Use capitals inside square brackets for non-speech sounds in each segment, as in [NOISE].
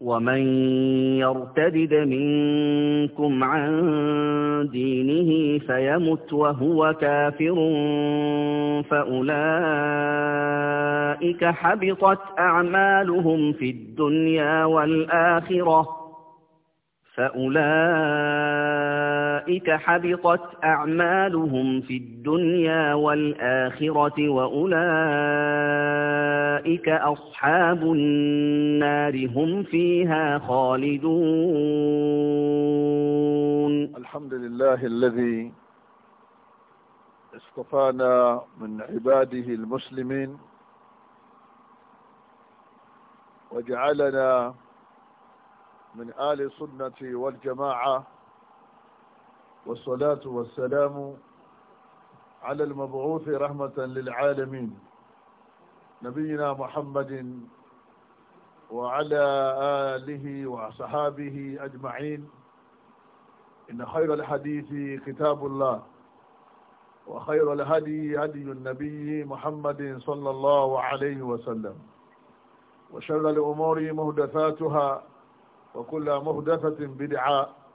ومن يرتدد منكم عن دينه فيمت وهو كافر فأولئك حبطت أعمالهم في الدنيا والآخرة فأولئك أولئك حبطت أعمالهم في الدنيا والآخرة وأولئك أصحاب النار هم فيها خالدون الحمد لله الذي اصطفانا من عباده المسلمين وجعلنا من آل سنة والجماعة والصلاة والسلام على المبعوث رحمة للعالمين نبينا محمد وعلى آله وصحابه أجمعين إن خير الحديث كتاب الله وخير الهدي هدي النبي محمد صلى الله عليه وسلم وشر الأمور مهدثاتها وكل مهدثة بدعاء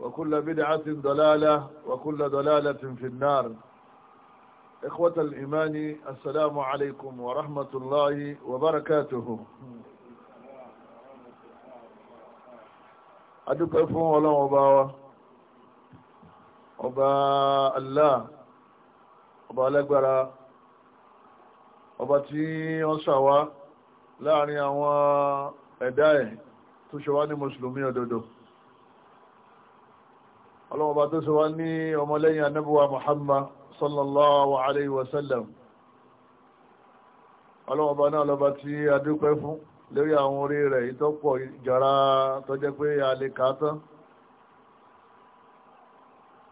وكل بدعة ضلالة وكل ضلالة في النار إخوة الإيمان السلام عليكم ورحمة الله وبركاته adúpẹ́ fún ọlọ́run ọba wa ọba Allah ọba alágbára ọba tí wọ́n ṣàwá láàrin àwọn ẹ̀dá ẹ̀ tó ṣe wá ní mùsùlùmí òdodo ọlọ́wọ́ba tó sọ wá ní ọmọlẹ́yìn anábíwá Muhammad sallallahu alayhi wa sallam ọlọ́wọ́ba náà lọ́ba tí a dúpẹ́ fún lórí àwọn orí rẹ̀ ìtọ́pọ̀ jara tó jẹ́ pé a lè kà á tán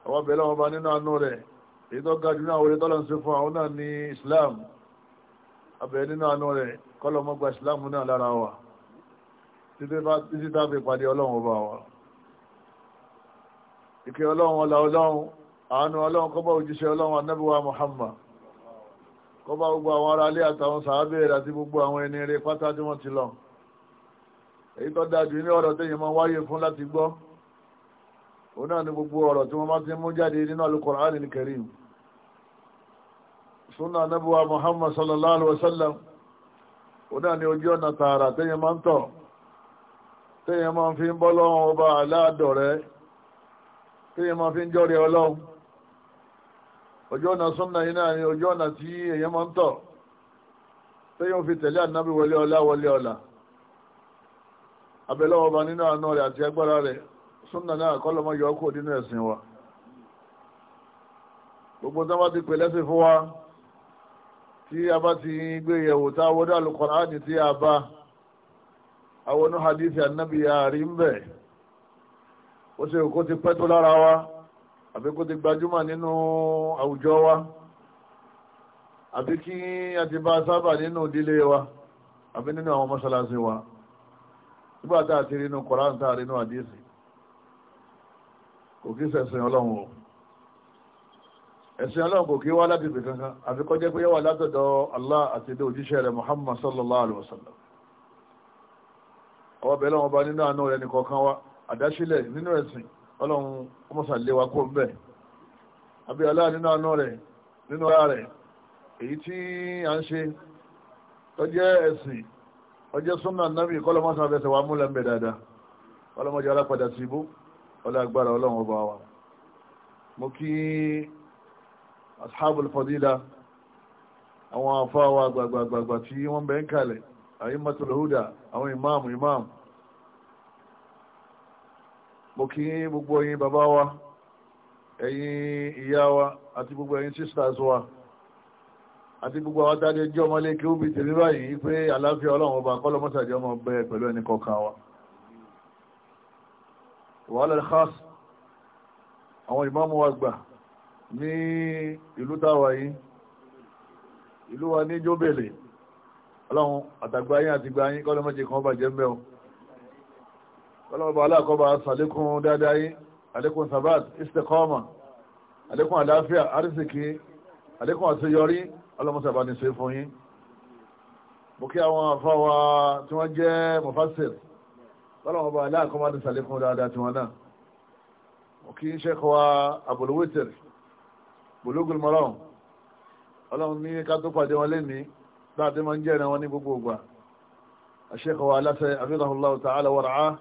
àwọn abẹ́lẹ́ ọba nínú àánú rẹ̀ èyí tó ga jù náà orí tọ́lọ́ fún àwọn náà ní Islam abẹ́lẹ́ nínú àánú rẹ̀ kọ́lọ́mọ́gba Islam náà lára wa títí tá fi pàdé ọlọ́run ọba wa. ike ọlọ́run ọlá ọlọ́run àánú ọlọ́run Kọba bá òjíṣẹ́ ọlọ́run anábíwá Muhammad kó bá gbogbo àwọn ará ilé àtàwọn sàábẹ̀rẹ̀ àti gbogbo àwọn ẹni rẹ̀ pátá tí wọ́n ti lọ èyí tó dájú ní ọ̀rọ̀ tẹ́yìn máa wáyé fún láti gbọ́ òun náà ni gbogbo ọ̀rọ̀ tí wọ́n máa ti mú jáde nínú Muhammad sallallahu òun náà ni ojú ọ̀nà tààrà tẹ́yìn máa ń tọ̀ tí èèyàn máa fi ń jọ́rẹ̀ ọlọ́run ojú ọ̀nà súnà yìí náà ni ojú ọ̀nà tí èèyàn máa ń tọ̀ tí yóò fi tẹ̀lé ànábì wọlé ọlá wọlé ọlá abẹ́lọ́wọ́ ọba nínú àánú rẹ̀ àti agbára rẹ̀ súnà náà kọ́lọ́mọ yọ ọkọ̀ nínú ẹ̀sìn wa gbogbo tí wọ́n bá ti pè lẹ́sìn fún wa tí a bá ti gbé yẹ̀wò tá a wọ́dọ̀ Al-Qur'ani tí a bá àwọn hadith ó ṣe kó ti pẹ́ tó lára wa àbí kó ti gbajúmọ̀ nínú àwùjọ wa àbí kí a ti bá a sábà nínú ìdílé wa àbí nínú àwọn mọ́ṣáláṣí wa nígbà tá a ti rí inú Kùránì tá a rí inú àdíyèsí kò kí sẹ̀sìn ọlọ́run o ẹ̀sìn ọlọ́run kò kí wá láti ibì kankan àfi kó jẹ́ pé yẹ́wà látọ̀dọ̀ Allah àti ilé òjíṣẹ́ rẹ̀ Muhammad sallallahu alaihi wasallam ọwọ́ bẹ̀rẹ̀ wọn bá nínú àánú rẹ̀ nìkọ̀ọ̀kan wa àdáṣílẹ̀ nínú ẹ̀sìn ọlọ́run ọmọọ̀sán lé wa kó ń bẹ̀ abiola nínú àánú rẹ̀ nínú ara rẹ̀ èyí tí a ń ṣe tọ́jẹ́ ẹ̀sìn ọjọ́ súnà nábì kọ́lọ́mọ́sán fẹsẹ̀ wa múlẹ̀ ń bẹ̀ dáadáa kọ́lọ́mọ́jọ́ alápadà sí ibú ọlọ́gbàrá ọlọ́run ọba wa mo kí ashabul fadila àwọn afáwà gbàgbàgbàgbà tí wọ́n bẹ̀ ń kalẹ̀ àyímọ́tòlóhùdà àwọn ìmáàmù ìmáàmù mo kí gbogbo ẹ̀yin bàbá wa ẹ̀yin ìyá wa àti gbogbo ẹ̀yin sisters wa àti gbogbo àwọn tàbí ẹjọ́ ọmọlé kí ó bí tèmi báyìí pé àlàáfíà ọlọ́run ọba kọ́lọ́mọ́sàdì ọmọ bẹ pẹ̀lú ẹni kọ̀ọ̀kan wa wàhálà khas àwọn ìmáàmù wa gbà ní ìlú táwa yìí ìlú wa ní jóbèlè ọlọ́run àtàgbáyín àti gbáyín kọ́lọ́mọ́sàdì kan bàjẹ́ mẹ́wọ̀n kọ́lọ́mọba aláàkọ́bà sàlékún dáadáa yín àlékún sabat istikọ́ọ̀mà àlékún àlàáfíà àrísìkí àlékún àṣeyọrí ọlọ́mọsàbà ní ṣe fún yín mo kí àwọn afáwa tí wọ́n jẹ́ mufassir kọ́lọ́mọba aláàkọ́bà ní sàlékún dáadáa tiwọn náà mo kí Sheikh wa Abul Witr Bulugul Maram ọlọ́run ní ká tó pàdé wọn الله láti máa ń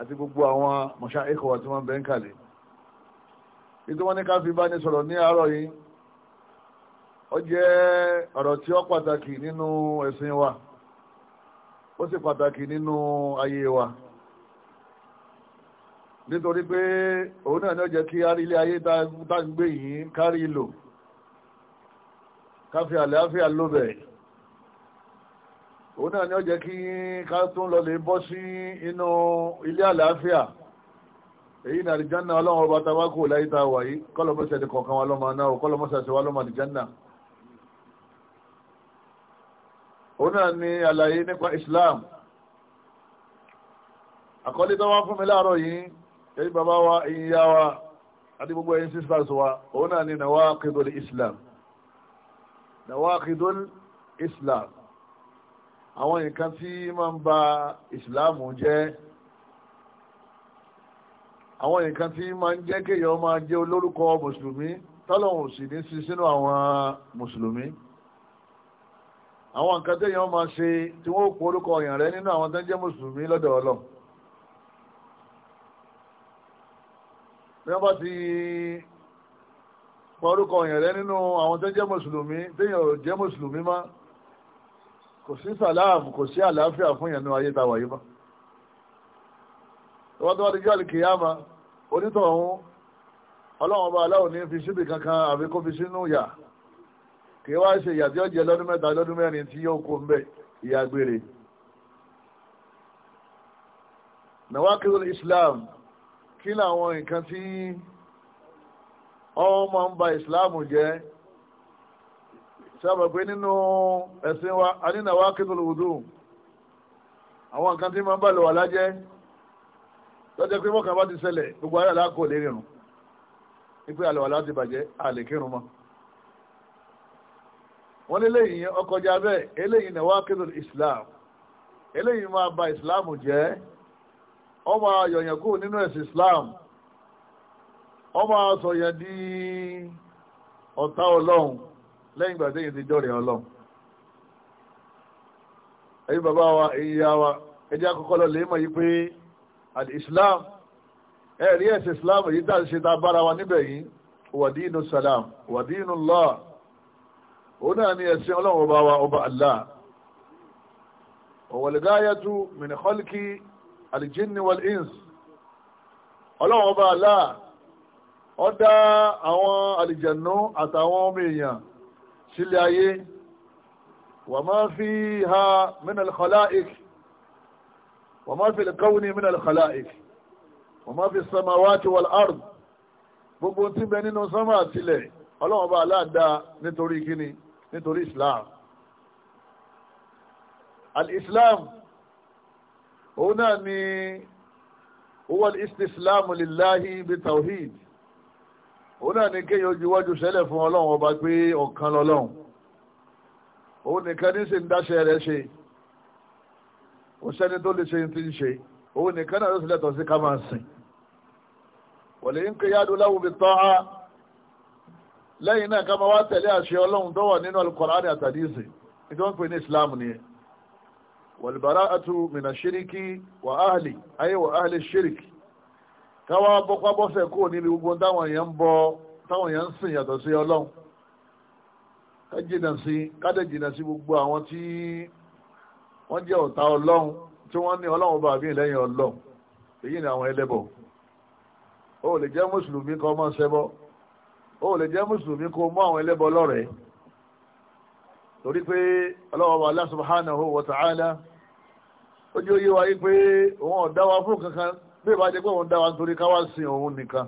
àti gbogbo àwọn mọ̀ṣá ẹ̀kọ́ wa tí wọ́n bẹ́ ń kàlẹ̀ ètò wọn ní ká fi bá ní sọ̀rọ̀ ní àárọ̀ yìí ó jẹ́ ọ̀rọ̀ tí ó pàtàkì nínú ẹ̀sìn wa ó sì pàtàkì nínú ayé wa nítorí pé òun náà ní ó jẹ́ kí a rí ilé ayé tá yìí kárí ìlò ká fi àlàáfíà lóbẹ̀ẹ́ òun náà ni ó jẹ́ kí ká tún lọ lè bọ́ sí inú ilé àlàáfíà èyí ni àdìjánà ọlọ́run ọba tá a bá kú láyé tá a wà yìí kọ́lọ́mọ́sẹ̀ ni kọ̀ọ̀kan wa lọ́mọ náà kọ́lọ́mọ́sẹ̀ sí wa lọ́mọ àdìjánà òun náà ni àlàyé nípa Islam àkọlé tó wá fún mi láàárọ̀ yìí èyí bàbá wa èyí yá wa àti gbogbo ẹ̀yin sisters wa òun náà ni nàwákìdùl Islam nàwákìdùl Islam àwọn nǹkan tí máa ń ba ìsìláàmù jẹ́ àwọn nǹkan tí máa ń jẹ́ kéèyàn máa jẹ́ olórúkọ mùsùlùmí tọ́lọ́hùn sì ní sí sínú àwọn mùsùlùmí àwọn nǹkan téèyàn máa ṣe tí wọ́n kó orúkọ ọ̀yàn rẹ nínú àwọn tó ń jẹ́ mùsùlùmí lọ́dọ̀ ọlọ́ bá ti pa orúkọ ọ̀yàn rẹ nínú àwọn tó ń jẹ́ mùsùlùmí téèyàn ò jẹ́ mùsùlùmí máa kò sí sàlámù kò sí àlàáfíà fún ìyànú ayé tàwà yìí bá tọwọ́ tọwọ́ díjọ́ alìkìyàmá onítọ̀ ọ̀hún ọlọ́wọ́n bá aláwọ̀ ní fi síbì kankan àbí kó fi sínú yà kí wá ṣe ìyà tí lọ́dún mẹ́ta lọ́dún mẹ́rin tí yóò kó ń bẹ̀ ìyà gbére nawakidul islam kí làwọn nǹkan tí ọmọ ń ba islam jẹ́ sábà pé nínú ẹ̀sìn wa a ní nàwa kíkùn àwọn nǹkan tí máa ń bà lọ́wọ́ lájẹ́ lọ́jọ́ pé bá ti gbogbo ayé àlákò lè rìnrùn wípé àlọ́wọ́ láti bàjẹ́ àlè kírun mọ́ wọ́n lé lẹ́yìn ọkọjá bẹ́ẹ̀ eléyìí wa kíkùn Islam eléyìí máa ba Islam jẹ́ ọmọ ayọ̀yàn kú nínú ẹ̀sìn Islam ọmọ asọ̀yàn di ọ̀tá ọlọ́run lẹ́yìn ìgbà tí èyí ti jọ́rẹ̀ ọlọ́run ẹ̀yin bàbá wa ìyá wa ẹjẹ́ àkọ́kọ́ lọ lè mọ̀ yí pé al-islam ẹ̀rí ẹ̀sìn islam èyí tá a ṣe ta bára wa níbẹ̀ yìí wàdínú salam wàdínú Allah òun náà ni ẹ̀sìn ọlọ́run ọba wa ọba Allah ọ̀wọ̀lgáyàtú min khalqi al ins ọlọ́run ọba Allah ó dá àwọn àlìjẹ̀nú àtàwọn ọmọ èèyàn sílé ayé wà máa fi ha minal khala'ik wà máa fi kawuni minal khala'ik wà máa fi samawati wal ard gbogbo tí bẹ nínú sánmà àtìlẹ̀ ọlọ́wọ́n bá aláàdá nítorí kíni nítorí islam al-islam òun náà ni huwa al-istislamu lillahi bi tawhid òun náà ní kéèyàn ojú iwájú sẹ́lẹ̀ fún ọlọ́run ọba pé ọ̀kan lọ́lọ́run òun nìkan ní sì ń dáṣẹ rẹ̀ ṣe kò sẹ́ni tó lè ṣe ti ń ṣe òun nìkan náà ló sì lẹ́tọ̀ọ́ sí ká máa sìn wọ̀lẹ̀ yín kéèyàn adó láwùjọ tán á lẹ́yìn náà ká máa wá tẹ̀lé àṣẹ ọlọ́run tó wà nínú alukọ̀rán àtàdé ìsìn mina shiriki wa ahali ayé wa ahali shiriki káwá bọ́pá bọ́sẹ̀ kúrò níbi gbogbo táwọn èèyàn ń bọ táwọn èèyàn ń sìn yàtọ̀ sí ọlọ́run ká jìnà sí kádẹ jìnà sí gbogbo àwọn tí wọ́n jẹ́ ọ̀tá ọlọ́run tí wọ́n ní ọlọ́run bá àbí lẹ́yìn ọlọ́run èyí ni àwọn ẹlẹ́bọ̀ ó lè jẹ́ mùsùlùmí kó máa ṣẹbọ ó lè jẹ́ mùsùlùmí kó mú àwọn ẹlẹ́bọ lọ́rẹ̀ẹ́ torí pé ọlọ́run Allah subhanahu wa ta'ala ó jẹ́ òye wa yí pé òun ọ̀dá wa fún kankan bí ìbá jẹ́ pé òun dá wa nítorí ká wá sin òun nìkan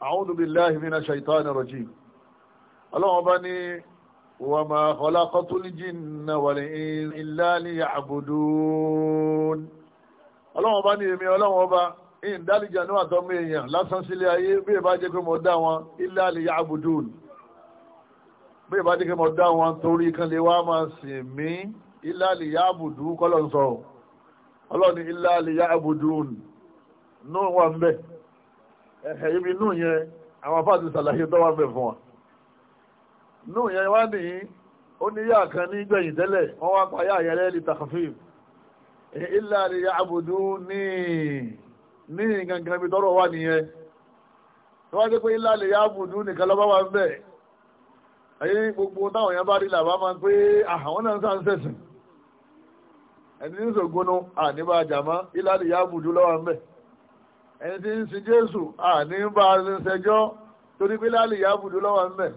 a'udhu billahi minash shaitani rajim ọlọ́wọ́n bá ní wa ma khalaqtul jinna wal insa illa liya'budun ọlọ́wọ́n bá ní èmi ọlọ́wọ́n bá in dálìjà ní àtọ́mọ èèyàn lásán sílé ayé bí ìbá jẹ́ pé nóò wà ń bẹ ibi nóò yẹn àwọn afáàdì sàlàyé tó wà ń bẹ fún wa yẹn ni ní kan ní gbẹ̀yìn tẹ́lẹ̀ wọ́n wá pa yá yẹn lẹ́ẹ̀lì takhfif ya abudu ní gangan ibi tọ́rọ̀ wa nìyẹn tó wá dé pé illa ya nìkan lọ́ba kalaba wa mbẹ ayé gbogbo táwọn yẹn bá rí làbá máa pé ah, àwọn náà ń sá ń sẹ̀sìn ẹni ní ya lọ́wọ́ ẹni tí ń sin jésù àní ń bá ní sẹjọ́ torí pé láàlì ìyá àbùdó lọ́wọ́ ńbẹ̀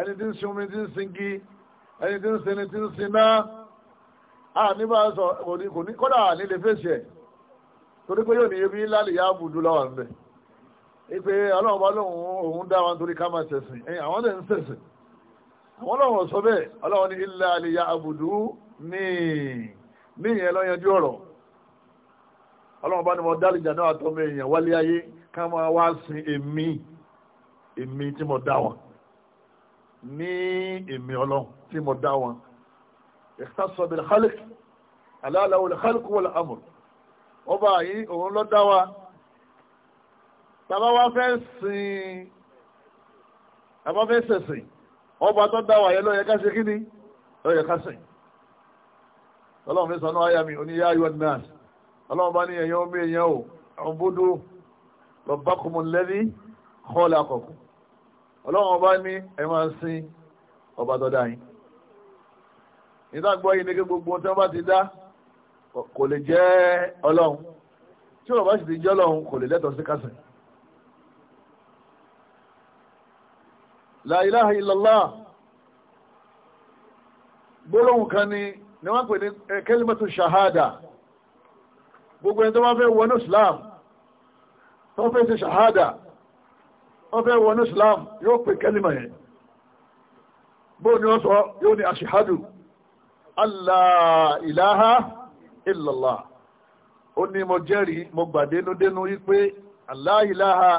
ẹni tí ń sin omi tí ń sin gi ẹni tí ń sin ni tí ń sin náà àní bá sọ kò ní kọ́dà àní lè fèsì ẹ̀ torí pé yóò ní ebi láàlì ìyá àbùdó lọ́wọ́ ńbẹ̀ ipe ọlọ́run bá lóun òun dá wọn torí ká máa ṣẹ̀sìn ẹ̀yìn àwọn lè ń ṣẹ̀sìn àwọn ọlọ́run sọ bẹ́ẹ̀ ọlọ́run ní ilẹ̀ àlìyá àbùdó ní ní ìyẹn lọ́yẹnjú ọ̀rọ̀ ọlọ́run bá ní mo dálìjà náà àtọ́mọ èèyàn wálé ayé ká máa wá sin èmi èmi tí mo dá wọn ní èmi ọlọ́run tí mo dá wọn ikhtaṣṣa bil khalq alā lahu al khalqu wal amr ọba yìí òun ló dá wa tàbá wá fẹ́ sin àbá fẹ́ sẹ̀sìn ọba tó dá wa yẹn ló ká ṣe kí ni ló ká sìn ọlọ́run fi sọ náà ayà mi oníyá ayọ̀ náà ọlọ́run bá ní ẹ̀yàn omi èèyàn o ọ̀bùdó lọ́bàkùnmù lẹ́rí kọ́ọ̀lá kọ̀kọ̀ ọlọ́run bá ní ẹ máa sin ọba tó dá yín ìdágbọ́ yìí ní kí gbogbo tí wọ́n bá ti dá kò lè jẹ́ ọlọ́run tí wọ́n bá sì ti jẹ́ ọlọ́run kò lè lẹ́tọ̀ọ́ sí kásẹ̀. la ilaha gbólóhùn kan ni ni wọ́n pè ní eh, kalimatu shahada gbogbo ẹni tó wá fẹ́ wọnú islam tó fẹ́ ṣe ṣàhádà wọ́n fẹ́ wọnú islam yóò pè kẹ́lìmọ̀ yẹn bó ni wọ́n sọ yóò ní aṣíhádù aláìláha ìlàlá ó ní mo jẹ́rìí mo gbà dénúdénú wípé aláìláha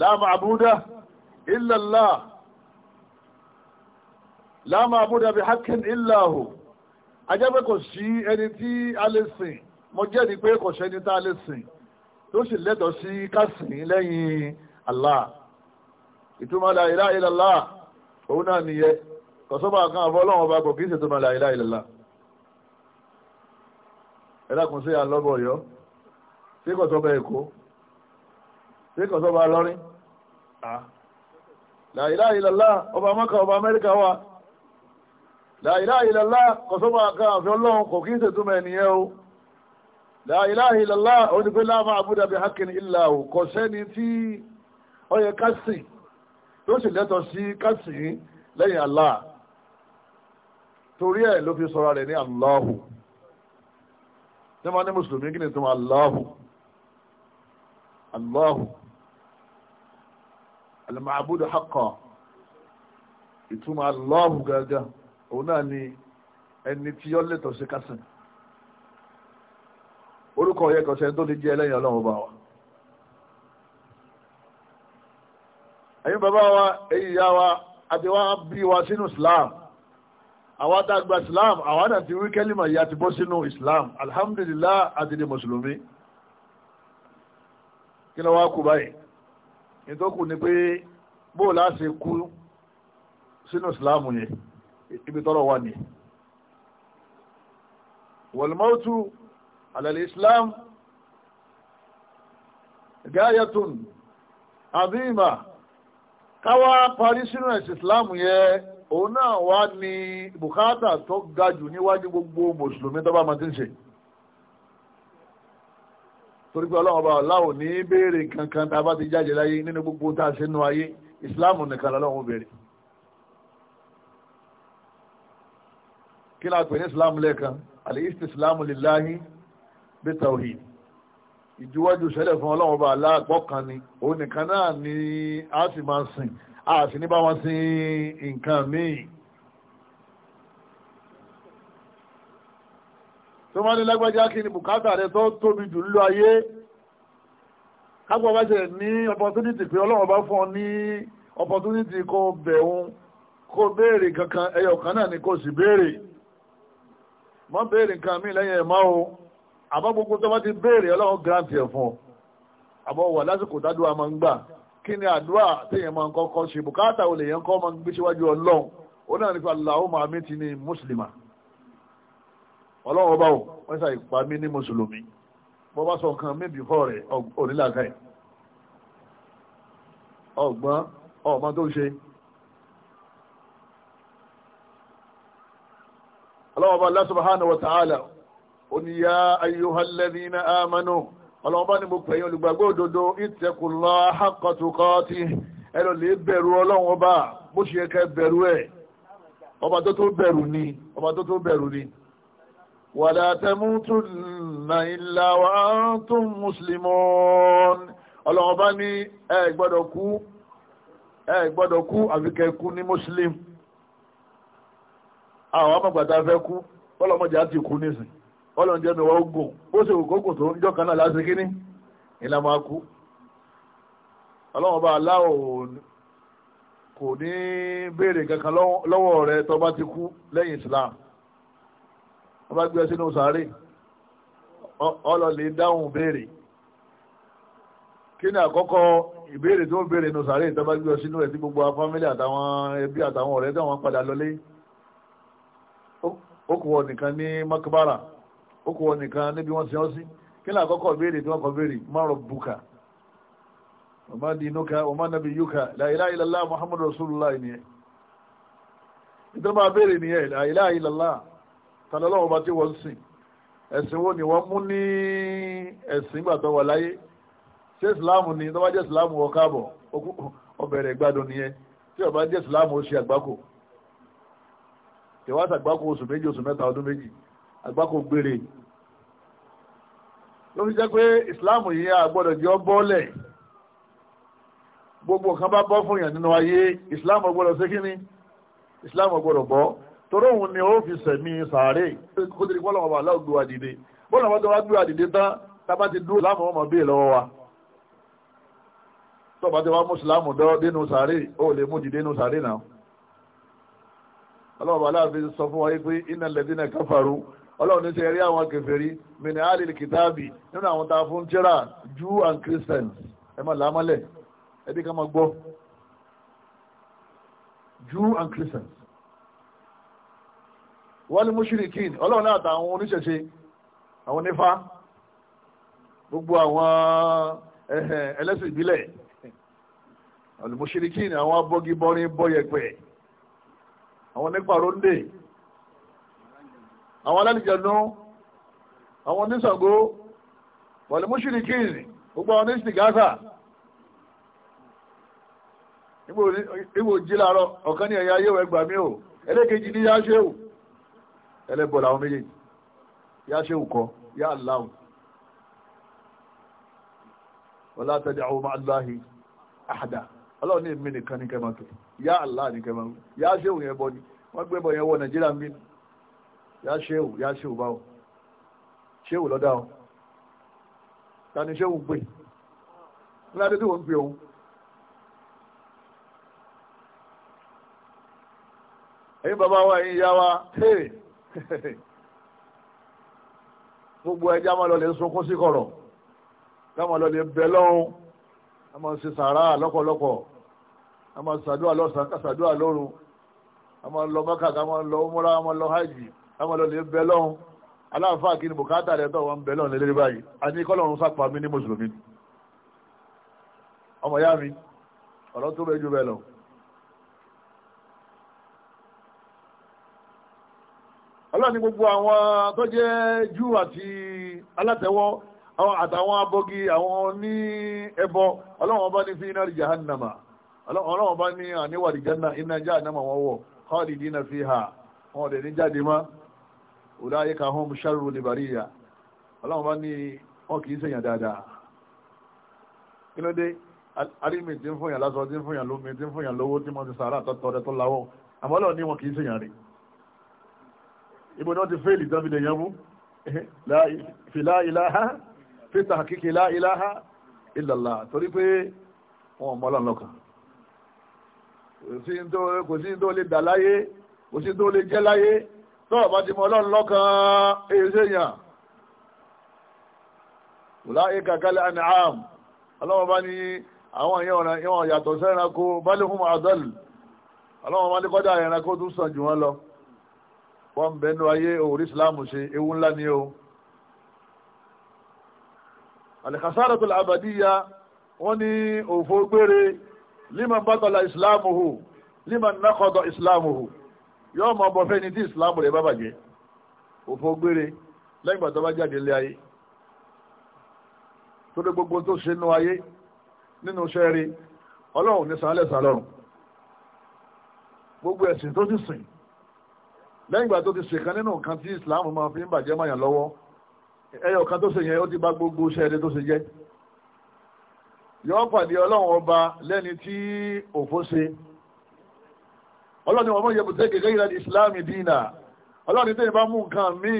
láàmà àbúdá ìlàlá láàmà àbúdá bí hakin ìlàhù ajẹ́pẹ́ sí ẹni tí a lè sìn mo jẹ́rìí pé kò sẹ́ni tá a lè sìn tó sì lẹ́tọ̀ọ́ sí ká sìn lẹ́yìn Allah ìtumọ̀ la ilaha illallah òun náà nìyẹn kọ̀sọ́bà kan àbọ̀ ọlọ́run ọba kò kí ń ṣètò la ilaha illallah ẹ̀dàkùn sí àlọ́bọ̀ ọ̀yọ́ sí kọ̀sọ́bà èkó sí kọ̀sọ́bà lọ́rin la ilaha illallah ọba mọ́kà ọba amẹ́ríkà wà la ilaha illallah kọ̀sọ́bà kan àfi ọlọ́run kò kí ń ṣètò la ilaha illallah onígbé láàmà àbúdà bí hakin ilà ò kò sẹ́ni tí ó yẹ kásìn tó sì lẹ́tọ̀ sí kásìn lẹ́yìn Allah torí ẹ̀ ló fi sọ̀rọ̀ rẹ̀ ní Allahu tẹ́mọ̀ ní mùsùlùmí kí ni tó Allahu Allahu al-ma'budu haqqan ìtumọ̀ Allahu gẹ́gẹ́ òun náà ni ẹni tí yọ́ lẹ́tọ̀ sí kásìn orúkọ yẹ kọ̀ṣẹ́ tó lè jẹ́ ẹlẹ́yìn ọlọ́run bá wa ẹ̀yin bàbá wa ẹ̀yin ìyá wa àti wá bí wa sínú islam àwa tá a islam àwa náà ti wí kẹ́límà yìí àti bọ́ sínú islam alhamdulillah àti di mùsùlùmí kí ló wá kú báyìí ìtọ́kù ni pé bóòlù á ṣe kú sínú islam yẹn ibi tọ́rọ̀ wà ní wọ̀lùmọ́tù على الإسلام غاية عظيمة káwá parí sínú ẹ̀sìn islam yẹ òun náà wá ní bùkátà tó ga jù níwájú gbogbo mùsùlùmí tó bá máa ti ń ṣe torí pé ọlọ́run ọba aláwọ̀ ní béèrè kankan tá a bá ti jáde láyé nínú gbogbo tá a ṣe nú ayé islam nìkan lọ́lọ́run béèrè kí la pè ní islam lẹ́ẹ̀kan àlè istislam lillahi bí tawhid ìjúwájú sẹ́lẹ̀ fún ọlọ́run bá aláàpọ̀ kan ni òun nìkan náà ni a sì máa sìn a sì ní bá wọn sìn nǹkan míì tó máa ní lágbájá kí ni bùkátà rẹ tó tóbi jù lọ ayé kápọ̀ bá ṣe ní opportunity pé ọlọ́run bá fún ọ ní opportunity kó bẹ̀ òun kó béèrè kankan ẹyọ kan náà ni kó sì béèrè mọ́ béèrè nǹkan míì lẹ́yìn ẹ̀ máa o àmọ́ gbogbo tó bá ti béèrè ọlọ́run grant ẹ̀ fún ọ àmọ́ wà lásìkò tádùá máa ń gbà kí ni àdúrà téèyàn máa ń kọ́kọ́ ṣe bùkátà olè yẹn kọ́ máa ń gbé síwájú ọlọ́run ó náà nípa làhùnmá mi ti ní mùsùlùmá ọlọ́run ọba ò wọ́n ṣàì pa mí ní mùsùlùmí bọ́ bá sọ nǹkan mébì fọ́ rẹ̀ onílàkà ẹ̀ ọgbọ́n ọmọ tó ṣe ọlọ́run ọba subhanahu wa ta'ala ó ní yá ayyuhal ladhina amanu mo pẹ̀yìn olùgbàgbọ́ òdodo ittaqullaha haqqa tuqatihi lè bẹ̀rù bó ṣe ọba tó tó bẹ̀rù ni ọba tó tó bẹ̀rù ni wala tamutunna illa wa antum ni ẹ gbọ́dọ̀ kú àfikẹ́ kú ní muslim àwọn fẹ́ kú ti kú ọlọ́run jẹ́ mi wá ogun bó ṣe ògógùn tó ń jọ́ kan náà láti kíní ìlà máa kú ọlọ́run bá aláwọ̀ kò ní béèrè kankan lọ́wọ́ rẹ tó bá ti kú lẹ́yìn Islam wọ́n bá gbé ọ sínú sàárè ọlọ́lẹ̀ dáhùn béèrè kí ni àkọ́kọ́ ìbéèrè tó ń béèrè nù sàárè tó bá gbé ọ sínú ẹ̀ sí gbogbo fámílì àtàwọn ẹbí àtàwọn ọ̀rẹ́ tí wọ́n padà lọlé ó kù wọ nìkan ní makbara ó kò wọ́n nìkan níbi wọ́n ti ọ́ sí kí ni àkọ́kọ́ béèrè tí wọ́n kọ́ béèrè má rabbuka wa ma dinuka wa ma nabiyuka la ilaha illallah muhammadu rasulullah nìyẹn nítorí máa béèrè nìyẹn la ilaha illallah tàlọ́lọ́wọ́ bá tí wọ́n sìn ẹ̀sìn wo ni wọ́n mú ní ẹ̀sìn ìgbà tó wà láyé ṣé ìsìláàmù ni tó bá ìsìláàmù wọ káàbọ̀ ọbẹ̀rẹ̀ ìgbádùn nìyẹn tí ó bá ìsìláàmù ó ṣe àgbákò ìwádìí àgbákò oṣù méjì oṣù mẹ́ta ọdún méjì àgbákò gbére ló fi jẹ́ pé ìsìláàmù yìí àgbọ́dọ̀ jẹ́ bọ́ọ̀lẹ̀ gbogbo kan bá bọ́ fún yàn nínú ayé ìsìláàmù ọgbọ́dọ̀ sí kíní ìsìláàmù ọgbọ́dọ̀ bọ́ torí òun ni ó fi sẹ̀mí sàárè kó ti di bọ́ọ̀lù ọba aláwọ̀ gbé wa dìde bọ́ọ̀lù ọba tó wá gbé wa dìde tán tábà ti dúró láàmù kafaru ọlọ́run ní sẹ́yẹrí àwọn kèfèrí mìnà àlìlì kìtàbì nínú àwọn ta fún tíra Jew and Christians ẹ máa làámọ́lẹ̀ ẹbí ká máa gbọ́ Jew and Christians wọ́n ní mushrikin ọlọ́run náà àtàwọn oníṣẹ̀ṣe àwọn nífà gbogbo àwọn ẹlẹ́sìn ìbílẹ̀ olùmùsírìkìn àwọn abọ́gi bọ́rin bọ́yẹ̀pẹ̀ àwọn nípa róńdè àwọn alálìjẹ̀nú àwọn oníṣàngó pọ̀lẹ́múṣìrì kíìsì gbogbo àwọn oníṣìrì gáàsà ibò jí láàárọ̀ ọ̀kan ní ẹ̀yà ayéwọ̀ ẹgbà mí o ẹlẹ́kejì ní yáṣẹ́wù ẹlẹ́bọ̀ làwọn méjèèjì yáṣẹ́wù kọ yá aláwù wọlá àwọn ọmọ yá ṣéwù yá ṣéwù báwò ṣéwù lọ́dá o ta ni ṣéwù pè ní adé tí wọ́n ń pè òun bàbá wa ẹ̀yin ìyá wa [LAUGHS] gbogbo ẹja máa lọ lè sunkún sí kọ̀rọ̀ ká máa lọ lè bẹ lọ́hùn ká máa ṣe sàárà lọ́kọ̀lọ́kọ̀ ká máa ṣàdúrà lọ́sàn ká ṣàdúrà lọ́run ká máa lọ Mẹ́kà ká máa lọ umura ká máa lọ hajj àwọn ọlọ́lẹ̀ ń bẹ lọ́hùn aláàfáà kí ni bùkátà rẹ̀ tọ̀ wọ́n ń bẹ lọ́hùn lélẹ́rí báyìí a ní kọ́lọ́run sápá mi ní mùsùlùmí ọmọ yá mi ọ̀rọ̀ tó bẹ́ẹ̀ ju bẹ́ẹ̀ lọ. ọlọ́run ní gbogbo àwọn tó jẹ́ jù àti alátẹ̀wọ́ àwọn àtàwọn abọ́gi àwọn ní ẹbọ ọlọ́run ọba ní fi iná rí jahannama ọlọ́run ọba ní àníwàdí janna iná jahannama wọ́n wọ̀ khalidina fiha wọn ò lè ní jáde mọ́ òláyé ka hum sharru libariya ọlọ́run bá ní wọn kì í ṣèyàn dáadáa kí ló dé alímì tí ń fún yàn lásán tí ń fún yàn lómi tí ń fún yàn lówó tí mo ti sàárà tọ́tọ́ rẹ tó láwọ́ àmọ́ ọlọ́run ní wọn kì í ṣèyàn rí ibo ni wọ́n ti fẹ́ẹ̀lì dábìlì èèyàn mú fi la ilaha fi tahqiqi la ilaha torí pé wọn mọ́ ọlọ́run kò sí tó lè dà láyé kò sí tó lè jẹ́ láyé tọ́ọ̀ bá ti mọ ọlọ́run lọ́kàn èyí yàn wùláyé kàkálẹ̀ àníhàm ọlọ́wọ́ bá ní àwọn èèyàn ìwọ̀n yàtọ̀ sẹ́ranko bá lè fún àdọ́l ọlọ́wọ́ bá ní kọ́dà ẹranko tún sàn jù wọ́n lọ wọ́n bẹ̀ẹ́nu ayé òrí ìsìláàmù ṣe ewu ńlá ni o alikasaratu abadiya wọ́n ní òfò gbére liman batala ìsìláàmù hù liman nakọ̀dọ̀ ìsìláàmù hù yóò máa bọ fẹ́ni tí ìsìláàmù rẹ̀ bá bàjẹ́ òfò gbére lẹ́yìn ìgbà tó bá jáde lé ayé tó dé gbogbo tó ṣe nú ayé nínú iṣẹ́ rí ọlọ́run ní sàn lẹ́sàn lọ́rùn gbogbo ẹ̀sìn tó ti sìn lẹ́yìn ìgbà tó ti ṣèkan nínú nǹkan tí ìsìláàmù máa fi ń bàjẹ́ mọ̀yàn lọ́wọ́ ẹyọ kan tó ṣe yẹn ó ti bá gbogbo iṣẹ́ rí tó ṣe jẹ́ yọ pàdé ọlọ́run ọba lẹ́ni tí òfó ṣe ọlọ́ni wọ́n mọ́ yẹ bùtẹ́ kẹ̀kẹ́ ìlànà ìsìláàmì dínà ọlọ́ni tẹ́yìn bá mú nǹkan míì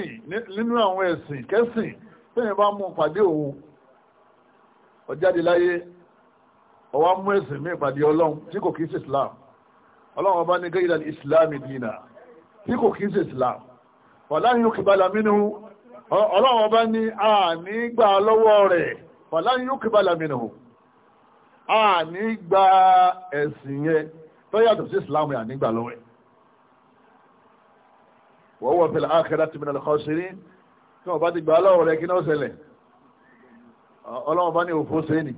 nínú àwọn ẹ̀sìn kẹ́sìn tẹ́yìn bá mú pàdé òun ọjáde láyé ọwá mú ẹ̀sìn míì pàdé ọlọ́run tí kò kìí ṣe islam ọlọ́run ọba ní kẹ́ ìlànà ìsìláàmì dínà tí kò kìí ṣe islam wàláyìn yóò kìbàlà mínú ọlọ́run ọba ní àní gbà lọ́wọ́ rẹ̀ wàláyìn yóò kìbàlà mínú àní gbà ẹ̀sìn yẹn tó yàtọ̀ sí islam yà nígbà lọ́wọ́ wọ́n wọ́n fẹ́lẹ̀ ákẹ́rẹ́ àti mìíràn lọ́kọ́ sí rí tí wọ́n bá ti gbà lọ́wọ́ rẹ̀ kí náà ṣẹlẹ̀ ọlọ́wọ́n bá ní òfó sẹ́ni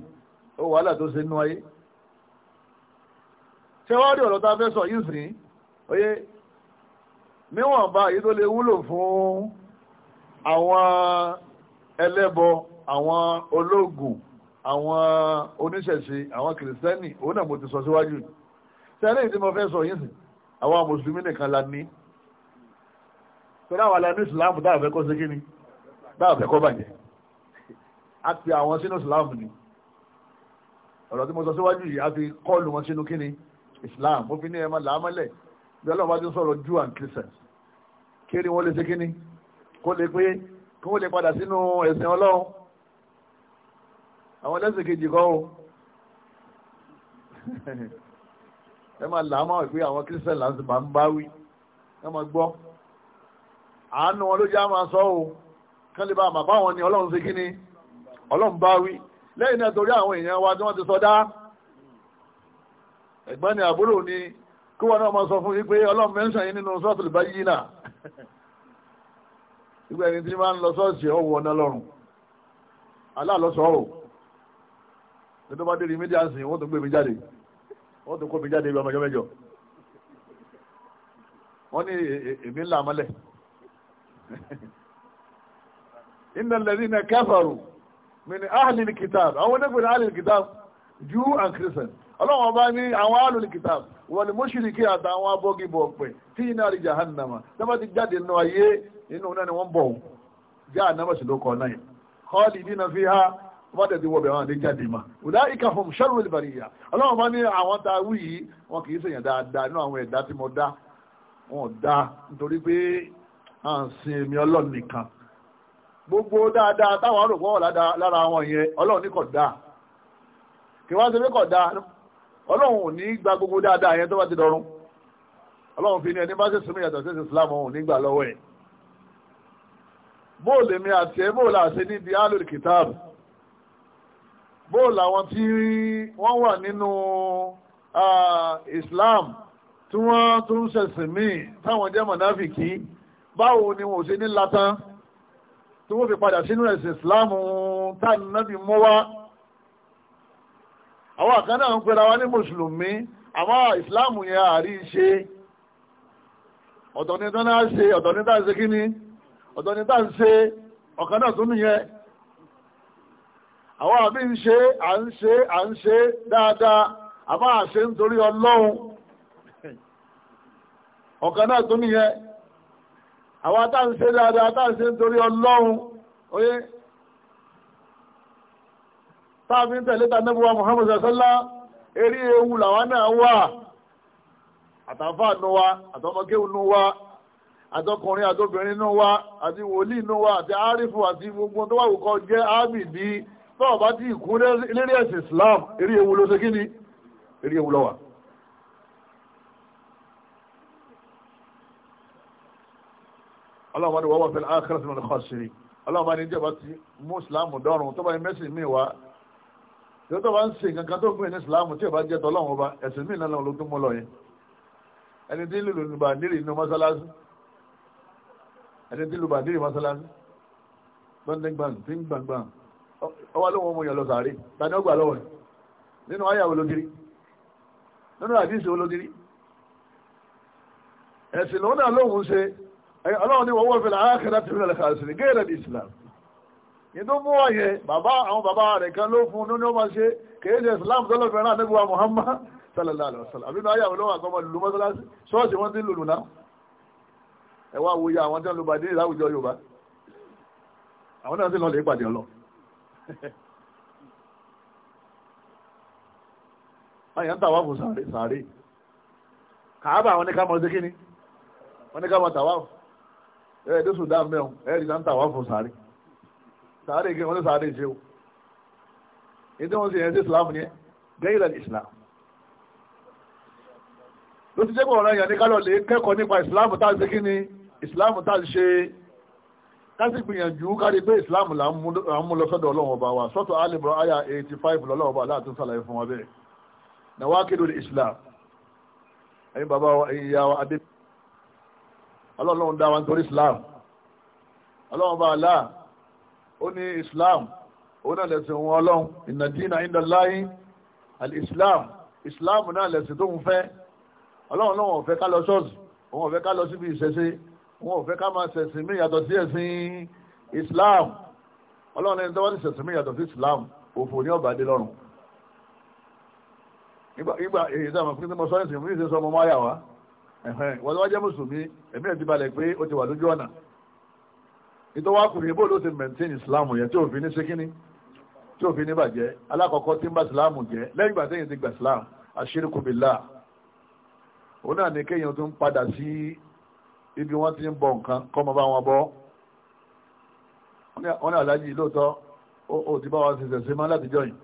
ó wàhálà tó ṣe nú ayé ṣé wá rí ọ̀rọ̀ tá a fẹ́ sọ yìí sìn oyé níwọ̀n bá èyí tó lè wúlò fún àwọn ẹlẹ́bọ àwọn ológun àwọn oníṣẹ̀ṣe àwọn kìrìsìtẹ́nì òun náà mo ti sọ síwájú yìí sẹ́lẹ̀ tí mo fẹ́ sọ yìí sìn àwọn mùsùlùmí nìkan la ní tọ́lá wà lẹ́nu ìsìláàmù dáàfẹ́ kọ́ sí kíni dáàfẹ́ kọ́ bàjẹ́ a àwọn sínú ìsìláàmù ni ọ̀rọ̀ tí mo sọ síwájú yìí a ti kọ́ọ̀lù wọn sínú kíni ìsìláàmù mo fi ní ẹ̀ma làámọ́lẹ̀ bí ọlọ́run bá ti sọ̀rọ̀ Jew and Christians kiri wọn lè ṣe kíni kó lè pé kí wọ́n lè padà sínú ẹ̀sìn ọlọ́run àwọn ẹlẹ́sìn kejì kọ́ o [LAUGHS] ẹ máa là á máa pé àwọn kírísítẹ̀ láti máa ń bá wí ẹ máa gbọ́ àánú wọn ló jẹ́ àmà sọ o kán lè bá àmà bá wọn ni ọlọ́run ṣe kí ni ọlọ́run bá wí lẹ́yìn náà torí àwọn èèyàn wa tí wọ́n ti sọdá ẹ̀gbọ́n ni àbúrò ni kí wọ́n náà máa sọ fún yí pé ọlọ́run mẹ́ńsàn yín nínú sọ́ọ̀tù lùbá yìí náà ìgbà ẹni tí máa ń lọ sọ́ọ̀sì ọwọ́ ọ̀nà lọ́rùn aláàlọ́sọ̀ọ́ ò ní bá dé rí mídíà sìn wọ́n tó gbé mi jáde wọ́n tó kó mi jáde ibi ọmọ ọjọ́ mẹ́jọ wọ́n ní e, e, èmi ńlá mọ́lẹ̀ iná lẹ́rí iná kẹfàrú mi ni áhàlì ní kìtàb àwọn onígbèrè áhàlì ní kìtàb Jew and Christian ọlọ́run ọba ní àwọn áhàlì ní kìtàb wọ́n ni mọ́ṣíríkì àtàwọn abọ́gibọ̀ ọ̀pẹ̀ tí iná rí jahannama sábà ti jáde nù ayé inú náà ni wọ́n bọ̀ já ànámọ̀sí ló kọ́ náà yẹn kọ́ọ̀lì dínà fi ha wọ́n tẹ̀ ti wọ́ bẹ̀rẹ̀ wọn ní jáde mà ọ̀dà ìka fún ṣẹ́rù ìbàríyà ọlọ́run bá ní àwọn ta wí yìí wọn kì í sèyàn dáadáa nínú àwọn ẹ̀dá tí mo dá wọn dá nítorí pé à ń sin èmi gbogbo dáadáa táwọn lára yẹn ọlọ́run ní kò dáa kí wọ́n ṣe pé kò dáa ọlọ́run ò ní gba gbogbo dáadáa yẹn tó bá ti ọlọ́run fi ní ẹni bá bóò làwọn tí wọ́n wà nínú Islam tí wọ́n tún ń ṣẹ̀sìn míì táwọn jẹ́ mọ̀náfìkì báwo ni wọ́n ṣe ní látán tí wọ́n fi padà sínú ẹ̀sìn Islam táàní náà fi mọ́ wá àwọn kan náà ń pera wa ní mùsùlùmí àmọ́ Islam yẹn àrí ṣe ọ̀dọ̀ ní tán náà ṣe ọ̀dọ̀ ní tán ṣe kíní ọ̀dọ̀ ní tán ṣe ọ̀kan náà nìyẹn àwọn àbí ń ṣe à ń ṣe à ń ṣe dáadáa àmọ́ àṣe nítorí ọlọ́run ọ̀kan náà tó nìyẹn àwọn atáǹṣe dáadáa atáǹṣe nítorí ọlọ́run oyé táàbí ń tẹ̀lé tàbíwá Muhammad sallá eré ewu làwọn náà wà àtàfáànú wa àtọmọkéwùnú wa àtọkùnrin àtọbìnrin nú àti wòlíì nú àti àárífù àti gbogbo tó wà wùkọ jẹ́ ábìdí tọ́ọ̀ bá ti kú lérí ẹ̀sìn Islam eré ewu ló ṣe kí ni eré ewu lọ́wà ọlọ́wọ́ ni wọ́wọ́ fẹ́lẹ̀ ákẹ́rẹ́ sí ọ̀nà kọ́sìrì ọlọ́wọ́ ni ìjọba ti mú Islam dọ́rùn tó bá yẹn mẹ́sìn míì wá tí ó tó bá ń ṣe nǹkan kan tó gbìn ní Islam tí ò bá jẹ́ tọ́lọ́wọ́ bá ẹ̀sìn míì náà ló tún mú lọ yẹn ẹni tí lùlù nìbà nírì inú mọ́sálásí ẹni tí lùbà nírì mọ́sálásí gbọ́ndẹ́gbọ́n tí ń gbàngbọ́n ọwọ́ lóhun ọmọ èèyàn lọ sàárè tani ọgbà lọ́wọ́ ni nínú ayàwó lógiri nínú àdíṣe ológiri ẹ̀sìn lòun náà lóhun ṣe ọlọ́run ní wọ́wọ́ fẹ́lẹ̀ alákẹ́lá ti rẹ̀ kàṣìrì gẹ́rẹ̀ ní Islam nínú mú ọ̀yẹ bàbá àwọn bàbá rẹ̀ kan ló fún un ní ọmọ ṣe kèéjì Islam tó lọ́fẹ̀ẹ́ náà nígbà Muhammad sallallahu alaihi wasallam àbínú ayàwó lọ́wọ́ àgbọmọ lùlù mọ́sálásí ṣọ́ọ̀ṣì wọ́n ti lùlù náà ẹ̀wọ́ àwòyẹ àwọn náà sì lọ lè pàdé àyàn [LAUGHS] tàwa fò sàárè sàárè kàábà àwọn oníkà mọ̀ ṣe kí ni oníkà mọ̀ tàwa fò ẹ̀ dé Sudan mẹ́wọ̀n ẹ̀ rí sáà tàwa fò kí wọ́n ní sàárè ṣe o ètò wọn sì yẹn sí Islam yẹn gẹ́yìnlẹ̀ Islam ló ti jẹ́ pọ̀ ọ̀rọ̀ yẹn ní kálọ̀ lè kẹ́kọ̀ọ́ nípa Islam tá a kí ni Islam tá a ṣe kásì gbìyànjú kárí pé islam là ń mú lọ́sọ́dọ̀ ọlọ́run ọba wa sọ́tọ̀ alìbọ̀rọ̀ àyà 85 lọ́lọ́run ọba aláàtún sàlàyé fún wa bẹ́ẹ̀ na wá kéde olè islam ẹ̀yin bàbá wa ẹ̀yin ìyá wa adé ọlọ́run dá wa nítorí islam ọlọ́run ọba alá ó ní islam ó náà lẹ̀sìn wọn ọlọ́run inna dina inda Allahi al-islam islam náà lẹ̀sìn tó ń fẹ́ ọlọ́run náà wọ́n fẹ́ ká lọ ṣọ́ọ̀ṣì wọ́n fẹ́ ká lọ síbi ìṣẹ̀ṣe wọn ò fẹ́ ká máa ṣẹ̀sìn mí yàtọ̀ sí ẹ̀sìn Islam ọlọ́run ẹni tó wá sí ṣẹ̀sìn mí yàtọ̀ sí Islam òfò ní ọ̀bà dé lọ́rùn ìgbà èyí tí a máa fi ní mo sọ ẹ̀sìn mi ṣe sọ ọmọ máa yà wá wọ́n wá jẹ́ mùsùlùmí ẹ̀mí ẹ̀ ti balẹ̀ pé ó ti wà lójú ọ̀nà ìtọ́wá kùnrin bó ló ti maintain Islam yẹn tí òfin ní ṣe kíní tí òfin ní bàjẹ́ alákọ̀ọ́kọ́ tí ń bá Islam jẹ́ lẹ́yìn ìgbà tẹ́yìn ti gbà Islam àṣírí kùbìlà òun náà ní kéèyàn tún padà sí ibi wọ́n ti ń bọ nǹkan kọ́ mọ bá wọn bọ́ wọ́n ní aláàjì lóòótọ́ ó ti bá wa ṣẹ̀ṣẹ̀ ṣe máa látijọ́ yìí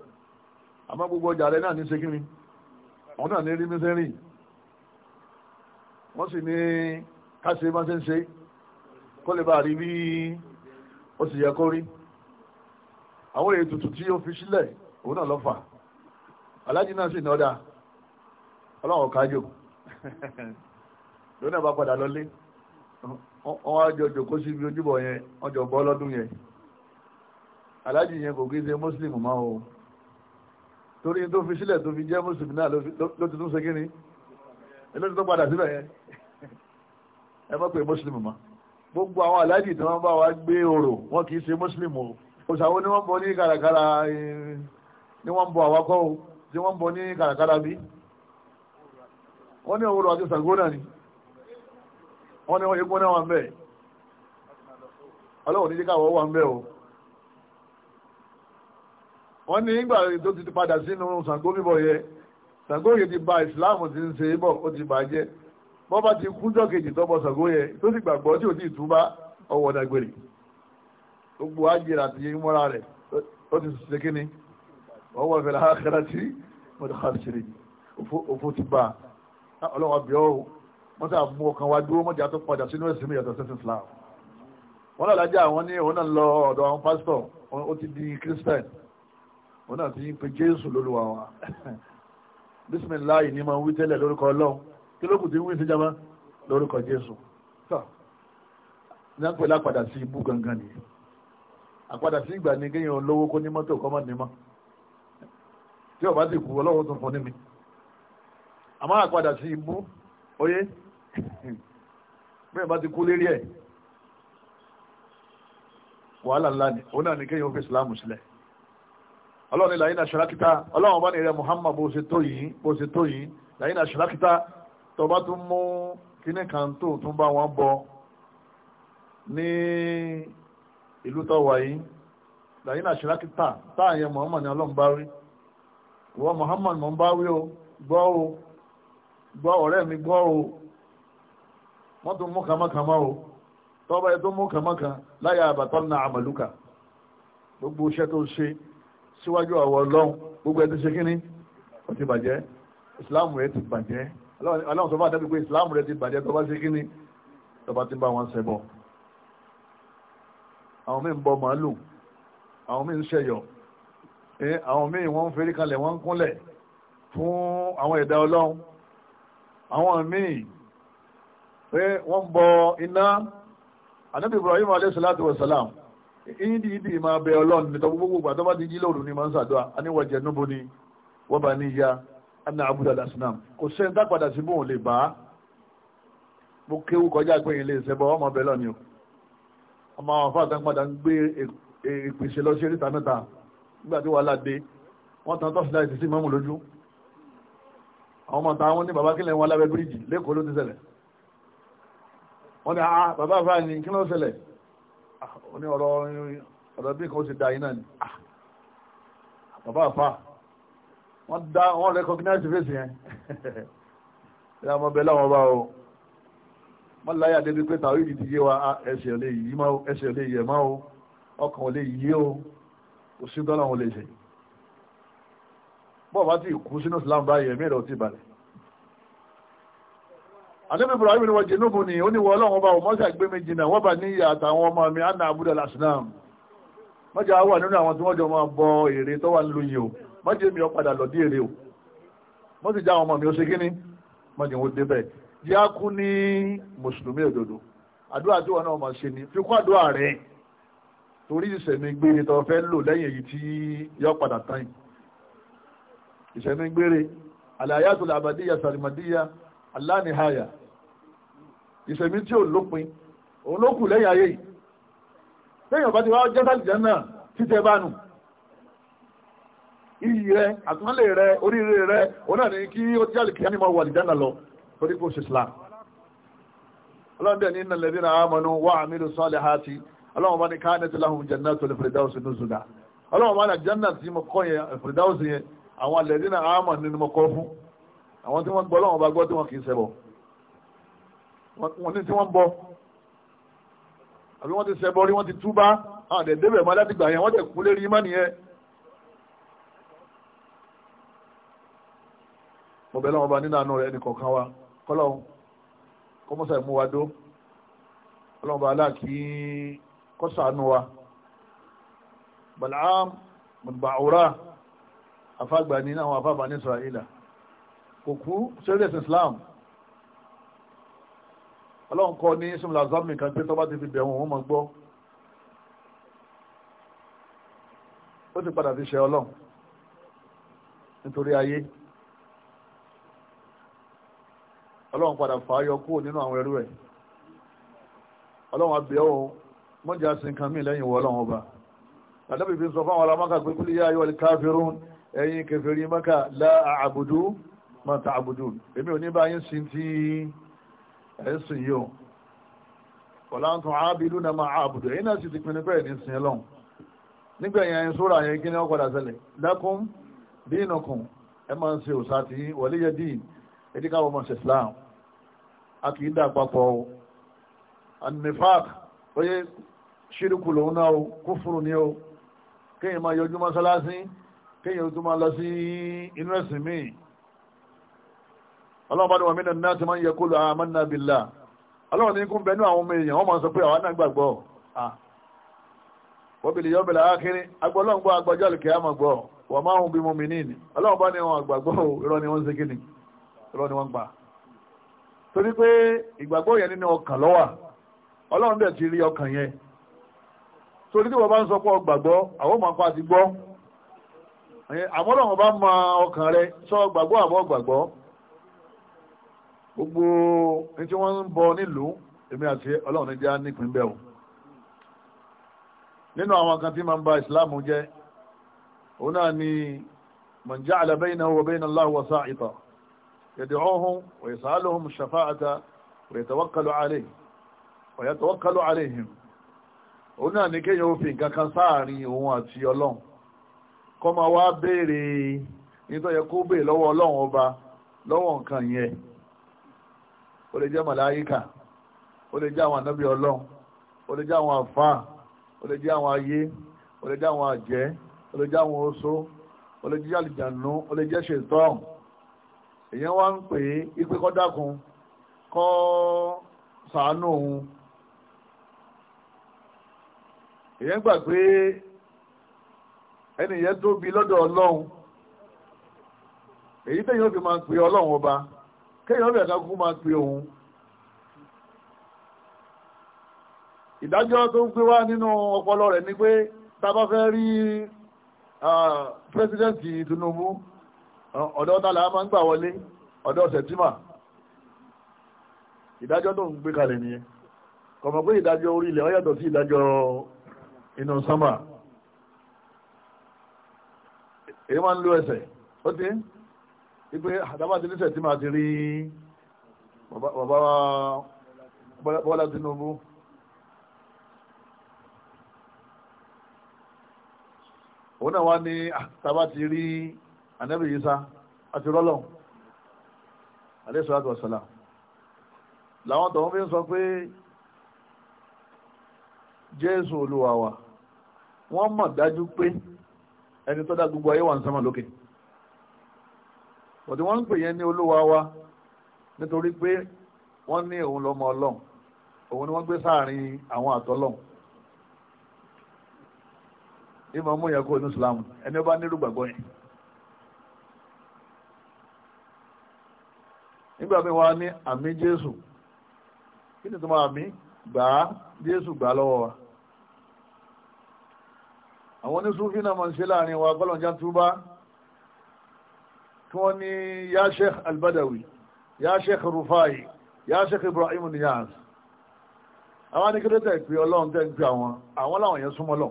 àmọ́ gbogbo ọjà rẹ̀ náà ní ṣe kíni wọ́n náà ní rí mísẹ́ rìn wọ́n sì ní káṣe máa ṣe ń ṣe kó lè bá rí bí ó sì yẹ kó rí àwọn èyí tuntun tí ó fi sílẹ̀ òun náà lọ fà aláàjì náà sì nọ́dà ọlọ́run kájò [LAUGHS] lónà bá padà lọ lé wọ́n á jọ jòkó sí ibi ojúbọ yẹn wọ́n jọ bọ́ lọ́dún yẹn aláàjì yẹn kò kí ṣe muslim mọ́ o torí tó fi sílẹ̀ tó fi jẹ́ muslim náà ló ti tún ṣe kí ni ẹlẹ́sìn tó padà síbẹ̀ yẹn ẹ mọ̀ pé muslim mọ́ gbogbo àwọn aláàjì tí wọ́n bá wa gbé orò wọn kì í ṣe muslim o òṣàwọ ni wọ́n bọ ní kàràkàrà ni wọ́n bọ àwakọ́ o tí wọ́n bọ ní kàràkàrà bí wọ́n ní òwúrọ̀ àti sàgónà ni wọ́n ní wọ́n yípo náà wà ń bẹ̀ ọlọ́wọ̀n káwọ́ wà ń o wọ́n ní ìgbà tó ti padà sínú Ṣàngó bíbọ̀ yẹ Ṣàngó yẹ ti ba ìsìláàmù ti ń ṣe é bọ̀ ó ti bàjẹ́ bọ́ bá ti kújọ́ kejì tọ́ bọ Ṣàngó yẹ tó sì gbàgbọ́ tí ò tí ì túbá ọwọ́ dàgbèrè gbogbo ajẹ́rẹ́ àti ìmọ́ra rẹ̀ ó ti ṣe kíni ọwọ́ ìfẹ̀lẹ̀ àkàrà tí mo ti kà sí òfò ti bá ọlọ́wọ́ àbíọ́ wọ́n sà mú ọkàn wa dúró mọ́jà tó padà sínú ẹ̀sìn mi yàtọ̀ sẹ́sìn Islam wọ́n náà lájà àwọn ní òun náà lọ ọ̀dọ̀ àwọn pásítọ̀ ó ti di Christian òun náà ti pe Jésù lólúwa wa [LAUGHS] bísímìláì ní máa ń wí tẹ́lẹ̀ lórúkọ Ọlọ́run kí ló kù ti ń wí síjàmá lórúkọ Jésù tọ́ ní à ń pè lápadà sí ibú gangan nìyẹn àpadà sí ìgbà ni kéèyàn olówó kó ní mọ́tò kọ́mọ́ ní mọ́ tí ọba ti kú Ọlọ́run tó fún ní mi àmọ́ àpadà sí ibú oyé bẹ́ẹ̀ bá ti kú lérí ẹ̀ wàhálà ńlá ni òun náà ní kéèyàn fi ìsìlámù sílẹ̀ ọlọ́run ní làyínà ṣàlákítà ọlọ́run bá ní rẹ Muhammad bó ṣe tó yìí bó ṣe tó yìí làyínà ṣàlákítà tó bá tún mú kíní kan tó tún bá wọn bọ ní ìlú tó wà yìí làyínà ṣàlákítà táà yẹn Muhammad ní ọlọ́run bá rí ìwọ Muhammad mọ̀ ń bá wí o gbọ́ o gbọ́ ọ̀rẹ́ mi gbọ́ o wọ́n tún mú kàmákàmá o tọ́ba yẹn tó mú kàmákà láyà àbàtọ́ na àmàlùkà gbogbo iṣẹ́ tó ṣe síwájú àwọn ọlọ́run gbogbo ẹni tó ṣe kínní ó ti bàjẹ́ ìsìláàmù rẹ ti bàjẹ́ aláwọ̀ sọ́fà àtẹ́bí pé ìsìláàmù rẹ ti bàjẹ́ tọ́ba ṣe kínní tọ́ba ti bá wọn ṣẹbọ àwọn míì ń bọ màálù àwọn míì ń ṣẹyọ àwọn míì wọ́n ń ferí kalẹ̀ wọ́n ń kúnlẹ̀ fún àwọn ẹ̀dá ọlọ́run àwọn míì pé wọ́n bọ iná anábì Ibrahim alayhi salatu wa salam ìdí ìdí ma bẹ ọlọ́run nítorí gbogbo ìgbà tó bá ti jí lóru ni máa ń ṣàdúrà aníwọ̀ jẹ́ núbo ni wọ́n bá níyà ana abudu alasinam kò sẹ́ni tá padà sí bóun lè bá mo kéwu kọjá pé ilé ìṣẹ́bọ ọmọ bẹ lọ́ni o ọmọ àwọn afáàtà padà ń gbé e, e, ìpèsè lọ sí eríta mẹ́ta nígbà tí wàhálà dé wọ́n tan tọ́sí láì sí mọ́mù lójú àwọn ọmọ táwọn ní bàbá kílẹ̀ wọn lábẹ́ bíríìjì lẹ́kọ̀ọ́ ló ti ṣẹlẹ̀ wọ́n ní àá ah, bàbá àfà ní kí ló ṣẹlẹ̀ ah, ó ní ọ̀rọ̀ ọ̀rọ̀ bí kan ó ti da yín náà ni ah, bàbá àfà wọ́n dá wọ́n recognize face yẹn ìlà ọmọ bẹ́ẹ̀ láwọn bá o wọ́n láyà débi pé tàwọn ìdí yé wa ẹsẹ̀ lè yí máa o ẹsẹ̀ lè yẹ máa o ọkàn ò lè yí o kò sí dọ́là wọn lè ṣe bọ́ọ̀ bá ti kú sínú Islam báyìí ẹ̀mí ẹ̀rọ ti balẹ̀ ànábì ibrahim ni wọ́n jẹ́ nóbù ni ó ní wọ́n ọlọ́run bá ọmọ ṣàgbé mi jìnnà wọ́n bá ní ìyá àtàwọn ọmọ mi anna abudu alasinam mọ́jà wà nínú àwọn tí wọ́n jọ máa bọ èrè tó wà nílùú yìí o mọ́jà mi ò padà lọ dí èrè o mọ́jà já àwọn ọmọ mi ó ṣe kíní mọ́jà wọn ni fi gbére àlàyé àtúlẹ̀ àbàdíyà sàlìmàdíyà aláàníhàyà ìṣẹ̀mí tí ò lópin òun ló kù lẹ́yìn ayé yìí lẹ́yìn ọ̀bá ti wá jẹ́ sálìjẹ́ náà títẹ bá nù iyì rẹ àtúnlẹ̀ rẹ oríire rẹ òun náà ní kí ó jẹ́ àlìkìyà ní mọ̀ wà lìjánà lọ torí kò ṣe Islam ọlọ́run ní innal ladhina amanu wa amilu salihati ọlọ́run bá ní kanat lahum jannatul firdaus nuzula ọlọ́run bá ní jẹ́nà tí mo kọ́ yẹn firdaus yẹn àwọn alladhina amanu ni mo kọ́ wọ́n ní tí wọ́n ń bọ àbí wọ́n ti ṣẹbọ rí wọ́n ti túbá àwọn àdẹ̀ débẹ̀ mọ́ láti gbà yẹn wọ́n tẹ̀ kú lérí mọ́ nìyẹn. mo bẹ̀ lọ́wọ́ bá nínú àánú rẹ̀ ẹnì kọ̀ọ̀kan wa kọ́lọ́hún kọ́mọ́sà ìmú wa dó ọlọ́run bá aláàkí kọ́sàánú wa Bal'am mùbàúrà afágbà ní àwọn afáfà ní Israẹ̀lá kò kú sẹ́rẹ̀sì Islam ọlọ́run kọ́ ní ismail azami kan pé tọ́ba ti fi bẹ̀rù wọn mọ̀ gbọ́ ó ti padà fi ṣe ọlọ́run nítorí ayé ọlọ́run padà fà á yọ kúrò nínú àwọn ẹrú ẹ̀ ọlọ́run abẹ́ ọ̀ mọ́jà sí nǹkan mí lẹ́yìn ìwọ ọlọ́run ọba àdábì fi sọ fáwọn alamaka pé kúlí yá ayọ́ káfírún ẹ̀yin kẹfẹ́rí maka la àbùdú mọ́ta àbùdú èmi ò ní bá yín sin ẹ̀sìn yóò ọ̀làǹtàn ábìlú náà máa àbùdó èyí náà sì ti pinnu bẹ́ẹ̀ ní sin lọ́n nígbà yẹn sóra yẹn kí ni wọ́n padà ṣẹlẹ̀ lakum dinukum ẹ máa ń ṣe òsà tí waliya din ẹ̀díkà wọ́n mọ̀ ṣe Islam a kì í dà papọ̀ o anifak oye ṣírìkù lòun náà o kúfùrù ni o kéèyàn máa yọjú mọ́sálásí kéèyàn tó máa lọ sí inú ẹ̀sìn míì ọlọ́run bá ní wọn mí náà ti máa ń yẹ kó lu amanna billah ọlọ́run ní kún bẹnu àwọn ọmọ èèyàn wọ́n máa sọ pé àwọn náà gbàgbọ́ wọ́n bìlì yọ́ bìlà ákírí agbọ́lọ́run gbọ́ agbọ́jọ́ àlùkẹ́ àmọ̀ gbọ́ wọ́n máa ń bí mu mìíní ọlọ́run bá ní wọn àgbàgbọ́ irọ́ ni wọ́n ń ṣe kíni irọ́ ni wọ́n ń gbà torí pé ìgbàgbọ́ yẹn nínú ọkàn lọ́wà ọlọ́run dẹ̀ ti rí ọkàn yẹn torí tí wọ́n bá ń sọ pé ọgbàgbọ́ àwọn ọmọ akọ àti gbọ́ àmọ́ ọlọ́run bá mọ ọkàn rẹ sọ ọgbàgbọ́ àbọ̀ ọgbàgbọ́ gbogbo ní tí wọ́n ń bọ nílùú èmi àti ọlọ́run jẹ́ nípìn bẹ́ẹ̀ o nínú àwọn kan tí ma ń ba ìsìláàmù jẹ́ òun náà ni man ja'ala baynahu wa bayna Allahi wasa'ita yad'uhum wa yas'aluhum shafa'ata wa yatawakkalu wa yatawakkalu alayhim òun náà ni kéèyàn ó fi sáàrin òun àti ọlọ́run kọ́ máa wá béèrè nítorí kó lọ́wọ́ ọlọ́run ọba lọ́wọ́ nǹkan yẹn ó lè jẹ́ màláyíkà ó lè jẹ́ àwọn ànábì ọlọ́run ó lè jẹ́ àwọn àfáà ó lè jẹ́ àwọn ayé ó lè jẹ́ àwọn àjẹ́ ó lè jẹ́ àwọn oṣó ó lè jẹ́ àlìjànú ó lè jẹ́ ṣètọ́n èèyàn wá ń pè é ipe kọ́ dákun kọ́ sàánú òun èèyàn gbà pé ẹnìyẹn tóbi lọ́dọ̀ ọlọ́run èyí tẹ́yìn ó fi máa pè ọlọ́run ọba kéèyàn bẹ̀ẹ̀ kankú máa pe òun ìdájọ́ tó ń gbé wá nínú ọpọlọ rẹ̀ ni pé tábá fẹ́ rí pẹ́sidẹ́ǹtì Tinubu ọ̀dọ́ tààlà máa ń gbà wọlé ọ̀dọ́ sẹ̀tímà ìdájọ́ tó ń gbé kalẹ̀ nìyẹn kọ̀mọ̀ pé ìdájọ́ orí ilẹ̀ ó yàtọ̀ sí ìdájọ́ inú sánmà èyí máa ń lo ẹsẹ̀ ó ti ń wípé àdábà ti lẹ́sẹ̀ tí máa ti rí bàbá Bọ́lá Tinubu òun náà wá ní àtàbà ti rí Ànábì Ìsá àti rọ́lọ́hùn àdéṣọ́lá sọ́lá làwọn tọ̀hún fi ń sọ pé Jésù Olúwa wa wọ́n mọ̀ dájú pé ẹni tó dá gbogbo ayé wà ń sánmà lókè bọ̀dé wọ́n ń pè yẹn ní olúwa wa nítorí pé wọ́n ní òun lọ́mọ ọlọ́run òun ni wọ́n gbé sáàrin àwọn àtọ́lọ́run ìmọ̀ mú yẹn kó inú ìsìlámù ẹni ó bá nírú gbàgbọ́ yẹn. nígbà mi wá ní àmì jésù kí ni tó máa mí gbà á jésù gbà lọ́wọ́ wa àwọn oníṣúfin náà máa ń ṣe láàrin wa gbọ́dọ̀ já túbá tí wọ́n ní ya sheikh albadawi ya sheikh rufai ya sheikh ibrahim niyaz àwọn anìkẹ́lẹ́ tẹ̀ pé ọlọ́run tẹ̀ ń pè àwọn àwọn làwọn yẹn súnmọ́ lọ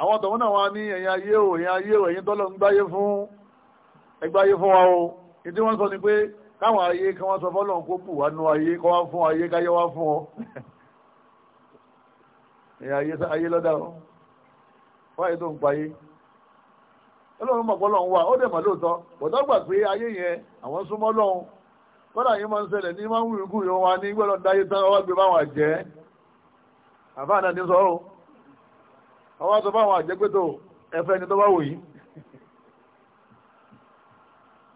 àwọn tọ̀wọ́n náà wá ní ẹ̀yìn ayé ò ẹ̀yìn ayé ò ẹ̀yìn tọ́lọ́ ń gbáyé fún ẹgbáyé fún wa o ìdí wọ́n sọ ni pé káwọn ayé kí wọ́n sọ fọ́lọ́run kó bù wá nú ayé kọ́ wá fún ayé káyé wá fún ọ [LAUGHS] ẹ̀yìn ayé lọ́dà o wáyé tó ń payé ọlọ́run mọ̀pọ̀ lọ́hún wa ó dẹ̀ mọ̀ lóòótọ́ bọ̀dọ́ gbà pé ayé yẹn àwọn súnmọ́ lọ́hún kọ́dà yìí máa ń ṣẹlẹ̀ ní máa ń wùrù kù yóò wá ní gbọ́dọ̀ dáyé tán ọwọ́ gbé báwọn àjẹ́ àbáàdà ní sọ́rọ̀ ọwọ́ sọ báwọn àjẹ́ pé tó ẹfẹ́ ni tó bá wò yìí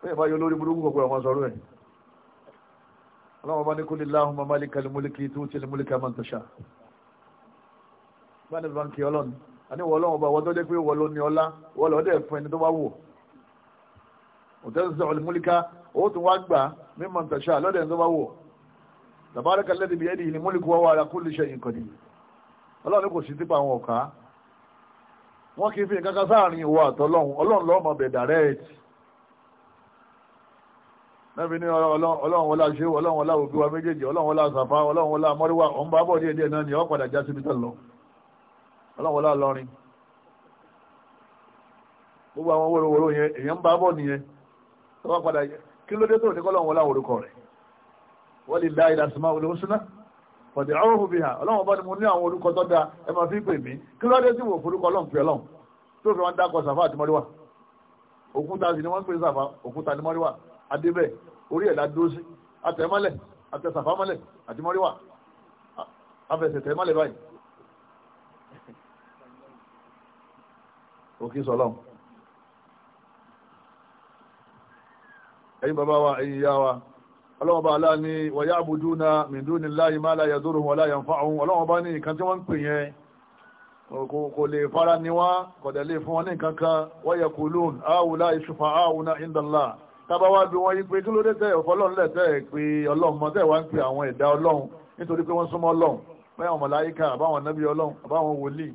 pé ìfàyọ lórí burúkú kọ̀kọ́ ọmọ sọ́rọ̀ ẹ̀ ọlọ́wọ́ bá ní kúlì láhùn mamálíkà lè múlíkì tó ti lè múlíkà máa ń tọ́ṣà bá ní ọlọ́run àní wọ́n lọ́wọ́ bá wọ́n tó jẹ́ pé wọ́n ló ní ọlá wọ́n lọ́ọ́ dẹ̀ fún ẹni tó bá wò òtẹ́sẹ̀ ọ̀lẹ́múlíká ó tún wá gbà mímọ̀ tàṣà lọ́dẹ̀ tó bá wò tàbárakà lẹ́dí bí ẹni ìlímúlíkù wọ́n wà lákùn lè ṣe ìkọ̀dì ọlọ́run kò sí tipa àwọn ọ̀ká wọ́n kì í fi kankan sáàrin ìwọ àtọ́lọ́run ọlọ́run lọ́ọ́ mọ̀ bẹ̀ direct lẹ́bi ní ọlọ́run wọlá ṣe ọlọ́run wọlá òbí wa méjèèjì ọlọ́run wọlá sàfá ọlọ́run wọlá mọ́ríwá ọ̀ ọlọ́wọ́ lọ́wọ́ lọ́rin gbogbo àwọn wòròwòrò yẹn èèyàn ń bá bọ̀ nìyẹn tó wá padà yẹ kí ló dé tó ní kọ́lọ́wọ́ láwọn orúkọ rẹ̀ wọ́n lè dá ilà sùnmọ́ olóhùnsúná ọ̀dẹ̀ àwọn òbí hàn ọlọ́wọ́ bá ní mo ní àwọn orúkọ tó dáa ẹ máa fi pè mí kí ló dé tí mo forúkọ ọlọ́run pè ọlọ́run tó fi wọn dákọ sàfà àti mọ́ríwá òkúta sì ni wọ́n ń pè sàfà òkúta ni mọ́ríwá adébẹ̀ orí ẹ̀ ládúró sí àtẹ̀mọ́lẹ̀ àtẹ̀sàfà mọ́lẹ̀ àti mọ́ríwá afẹsẹ̀tẹ̀ mọ́lẹ̀ báyìí òkè sọlọ́n ẹ̀yin bàbá wa ẹ̀yin ìyá wa ọlọ́wọ́ bá aláà ní wọ̀yá àbújú na mìndú ní láyé má láyé dúró wọn láyé ń fáwọn ọlọ́wọ́ bá ní nǹkan tí wọ́n ń pè yẹn kò lè fara ní wá kọ̀dẹ̀ fún wọn ní nǹkan kan wọ́yẹ kùlùn áwùlá ìṣùfà áwùná ìndàlá tábà wá bí wọ́n yí pé kí ló dé tẹ́ ọ̀fọ́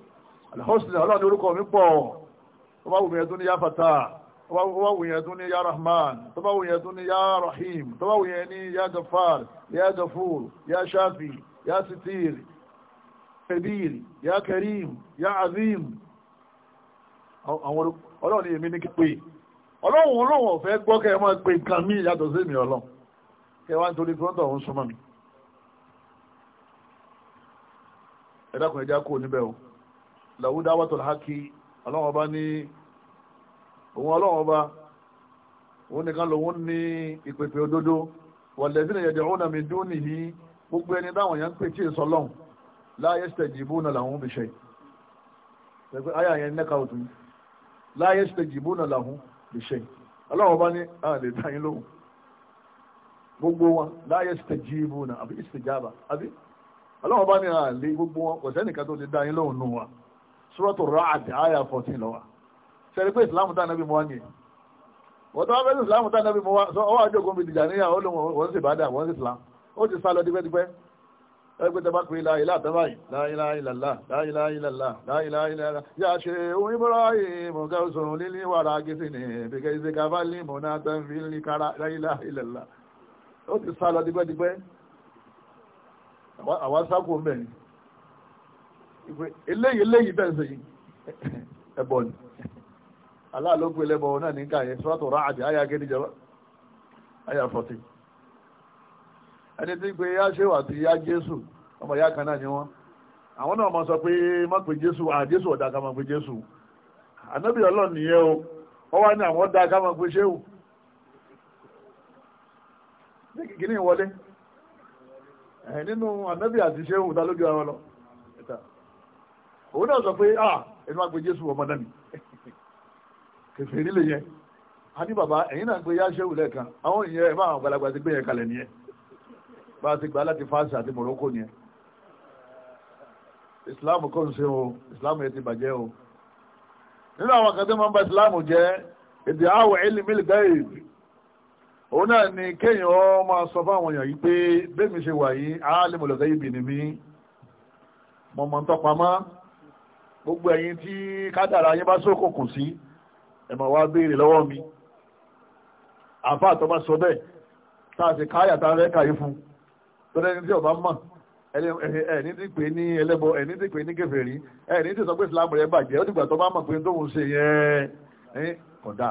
alhosna ọlọ́run orúkọ mi pọ̀ ẹ̀dún ní fata ẹ̀dún rahman ọba ẹ̀dún rahim ọba gafar yá yá shafi yá sitir kabir yá karim yá azim èmi ní ọlọ́run ọlọ́run ọ̀fẹ́ gbọ́ kẹ́ ẹ máa nǹkan mí yàtọ̀ sí làwúdá wàtòlá hákì ọlọ́run ọba ní òun ọlọ́run ọba òun nìkan lòun ní ìpèpè òdodo wọ̀lẹ́sí ni yẹ̀dẹ̀ òun àmì dún nìyí gbogbo ẹni táwọn èèyàn ń pè tí èso lọ́hùn láyé ṣèjìbú náà làwọn fi ṣe pẹ̀pẹ́ ayé àyẹn nẹ́ka òtún láyé ṣèjìbú náà làwọn fi ṣe ọlọ́run ọba ní àlè dáyín lóhùn gbogbo wọn láyé ṣèjìbú náà àbí ìṣèjábà àbí ọlọ́run ní àlè gbogbo wọn kò sẹ́nìkan tó lè dáyín lóhùn nù wọn. Suratu Ra'd àyà 14 lọ́wà sẹ́rí pé ìsìláàmù tá nàbí mo wá nìyẹn wọ́n tó wá fẹ́ sí ìsìláàmù tá nàbí mo wá sọ ọwọ́ àjọkùn mi dìjà níyà wọ́n sì bá dà wọ́n sì islam ó ti sá lọ dípẹ́dípẹ́ ẹgbẹ́ tẹ́ bá pè la ilá àtẹ́bá yìí la ilaha illallah la ilaha illallah la ilaha illallah yà ṣe òun Ibrahim mọ̀gá òṣòro nílé wàrà gẹ́sì ní àwọn sákò mẹ́rin eléyìí bẹ́ẹ̀ sẹ́yìn ẹ̀bọ̀ ni ẹlẹ́bọ̀ náà ní káyẹ sọ́tọ̀ ráàdì ayá gẹ́ jẹba ayá fọ́tí ẹni tí pé yá ṣe wà tí yá jésù ọmọ yá kan náà ni wọ́n àwọn náà mọ̀ sọ pé má jésù à jésù ọ̀dà ká máa jésù ànábì ọlọ́run nìyẹn o wọ́n wá ní àwọn ọ̀dà ká máa ṣéwù ní kìkì ní ìwọlé nínú ànábì àti ṣéwù ta lójú ara òun náà sọ pé ah ẹni wá gbé jésù ọmọ náà ni kèfèrí lè yẹ a ní bàbá ẹ̀yin náà gbé yáṣẹ́wù lẹ́ẹ̀kan àwọn ìyẹn ẹ̀ máa gbalagbà ti gbé yẹn kalẹ̀ nìyẹn bá a ti gbà láti fásitì àti morocco nìyẹn islam kò ń ṣe o islam yẹn ti bàjẹ́ o nínú àwọn kan máa ń ba islam jẹ́ èdè àwọ̀ ẹlẹ́mìlì gáyèbì òun náà ni kéèyàn ọ máa sọ fáwọn èèyàn yìí pé bẹ́ẹ̀ mi ṣe wà yìí alimul gáyèbì ni mí mọ̀mọ́ gbogbo ẹ̀yin tí kádàrà yín bá sókòkò sí ẹ máa wá béèrè lọ́wọ́ mi àfa àtọ́mọ́ sọ bẹ́ẹ̀ tá a sì káyà tá a fẹ́ kàyé fún tọ́lẹ́ ní tí ọba mọ̀ ẹni tí pè ní ẹlẹ́bọ ẹni tí pè ní kèfèrí ẹni tí sọ pé ìsìlámù rẹ̀ bàjẹ́ ó dìgbà tó bá mọ̀ pé tóun ṣe yẹn kódà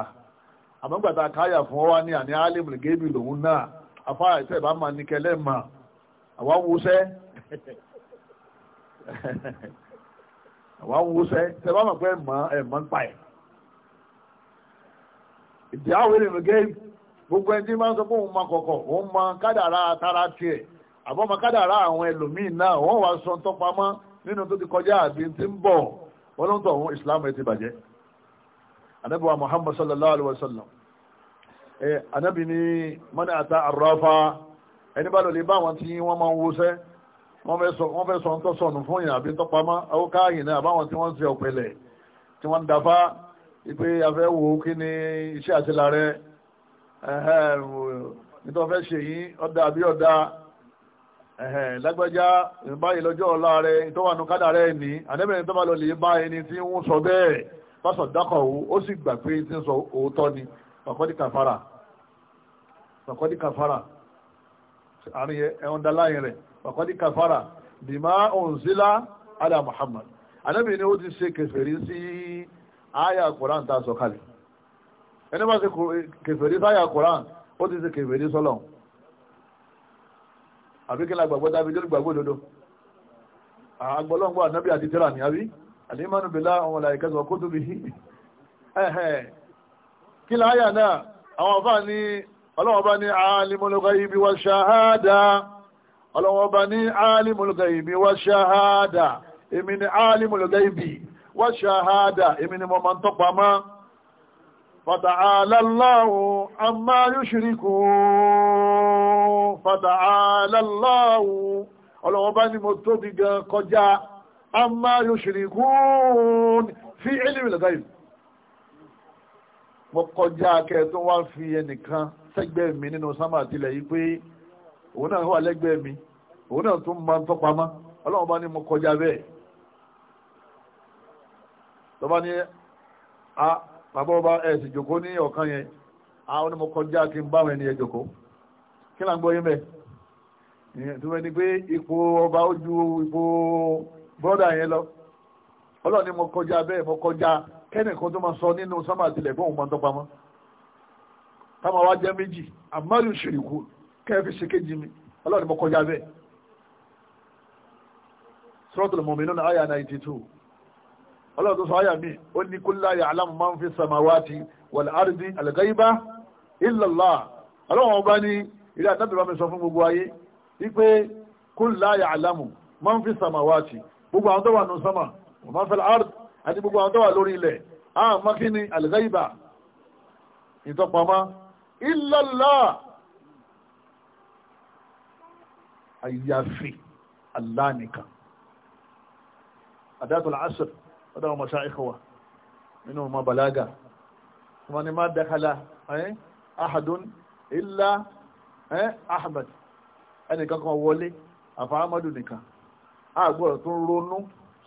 àmọ́gbàtà káyà fún ọwá ní àní alimul gébì lòun náà afá ìtẹ́ ìbá máa kẹlẹ́ mà àwọn wúṣẹ́ [LAUGHS] wa ń wúṣẹ́ tẹ bá ma pé ẹ̀mọ́ ẹ̀mọ́ ń pa ẹ̀. ndị àwọn èrè mi gbogbo tara àbọ̀ máa kadara àwọn ẹlòmíín náà wọn wá sọ tọpamọ́ nínú tó ti kọjá àbí ti ń bọ̀ ọlọ́ntọ̀ òun ìsìlámù ẹ ti wa sallallahu alayhi wa sallam ni wọ́n fẹ́ sọ tó sọnù fún yàn àbí tọpamọ́ awókáyìn náà àbáwọn tí wọ́n ń ṣe ọ̀pẹ̀lẹ̀ tí wọ́n ń dafá ipe afẹ́ wo kí ni iṣẹ́ àṣelárẹ́ nítorí fẹ́ ṣe yín ọ̀dà àbí ọ̀dà lágbájá báyìí lọ́jọ́ ọ̀la rẹ̀ ìtọ́wànú kádà rẹ̀ ní àdẹ́bẹ̀rẹ̀ tó bá lọ lè bá ẹni tí ń sọ bẹ́ẹ̀ pásọ̀ dákọ̀ ó sì gbà pé tí ń sọ òótọ́ ni fàkọ́dí kàfàrà fàkọ́dí kàfàrà àárín ẹ̀hún dáláyìn rẹ̀ ọ̀kọ́dí kàfàrà bìmá òǹzílá alá muhammad anábì ni ó ti ṣe kẹfẹ̀rí sí àyà koran tá a sọ kalẹ̀ ẹni bá ṣe kẹfẹ̀rí sí àyà koran ó ti ṣe kẹfẹ̀rí sọ́lọ̀ àbí kí n gbàgbọ́ dábí lórí gbàgbọ́ òdodo àgbọ̀lọ́ngbọ̀ anábì àti tẹ́lá ní àbí àdéhìmánu bìlá àwọn ọ̀làyìnkẹ́sọ̀ kó tóbi kí láyà náà àwọn ọba ní ọlọ́wọ́ bá ní alimul ghaibi wa shahada ọlọ́wọ́ bá ní alimul gaibi wa ṣahada èmi ni alimul gaibi wa ṣahada èmi ni mo máa ń tọ́pa mọ́ fata'ala Allahu amma yushriku fata'ala Allahu ọlọ́wọ́ bá ní mo tóbi gan kọjá amma yushriku fi ilimul gaibi mo kọjá kẹ́ẹ̀tún wá fi ẹnìkan sẹ́gbẹ̀ẹ́ mi nínú sámà tilẹ̀ yìí pé òun náà wà lẹ́gbẹ̀ẹ́ mi òun náà tún máa ń tọ́pamọ́ ọlọ́run bá ní mo kọjá bẹ́ẹ̀ tó bá a bàbá ọba ẹ̀ jòkó ní ọ̀kan yẹn a ó ní mo kọjá kí n bá wọn ẹniyẹn jòkó kí là ń gbọ́ yín bẹ́ẹ̀ ìyẹn ọba ó ju ipò bọ́dà yẹn lọ ọlọ́run ní mo kọjá bẹ́ẹ̀ mo kọjá kẹ́nìkan tó máa sọ nínú tilẹ̀ fún òun máa táwọn wá jẹ́ kẹ́ẹ̀fì ṣe kéjì mi ọlọ́run mọ́ kọjá bẹ́ẹ̀ suratul mu'minun àyà 92 ọlọ́run tó sọ àyà mi ó ní kul la ya'lamu man fi samawati wal ardi al ghaiba illa Allah ọlọ́run ọba ní ilé àtàbíwá mi sọ fún gbogbo ayé wípé kul la ya'lamu man fi samawati gbogbo àwọn tó wà nù sama wa man fil ard àti gbogbo àwọn tó wà lórí ilẹ̀ àmọ́ kí ni al ghaiba ìtọ́pamọ́ àyàfi Allah nìkan àdátọ̀lá asr ọdá ọmọ ṣáìkọwà nínú ọmọ balaga wọn ni má dákàlá eh, ahadun illa eh, ahmed ẹnìkan kan wọlé àfà ahmadu nìkan àgbọ̀rọ̀ tó ronú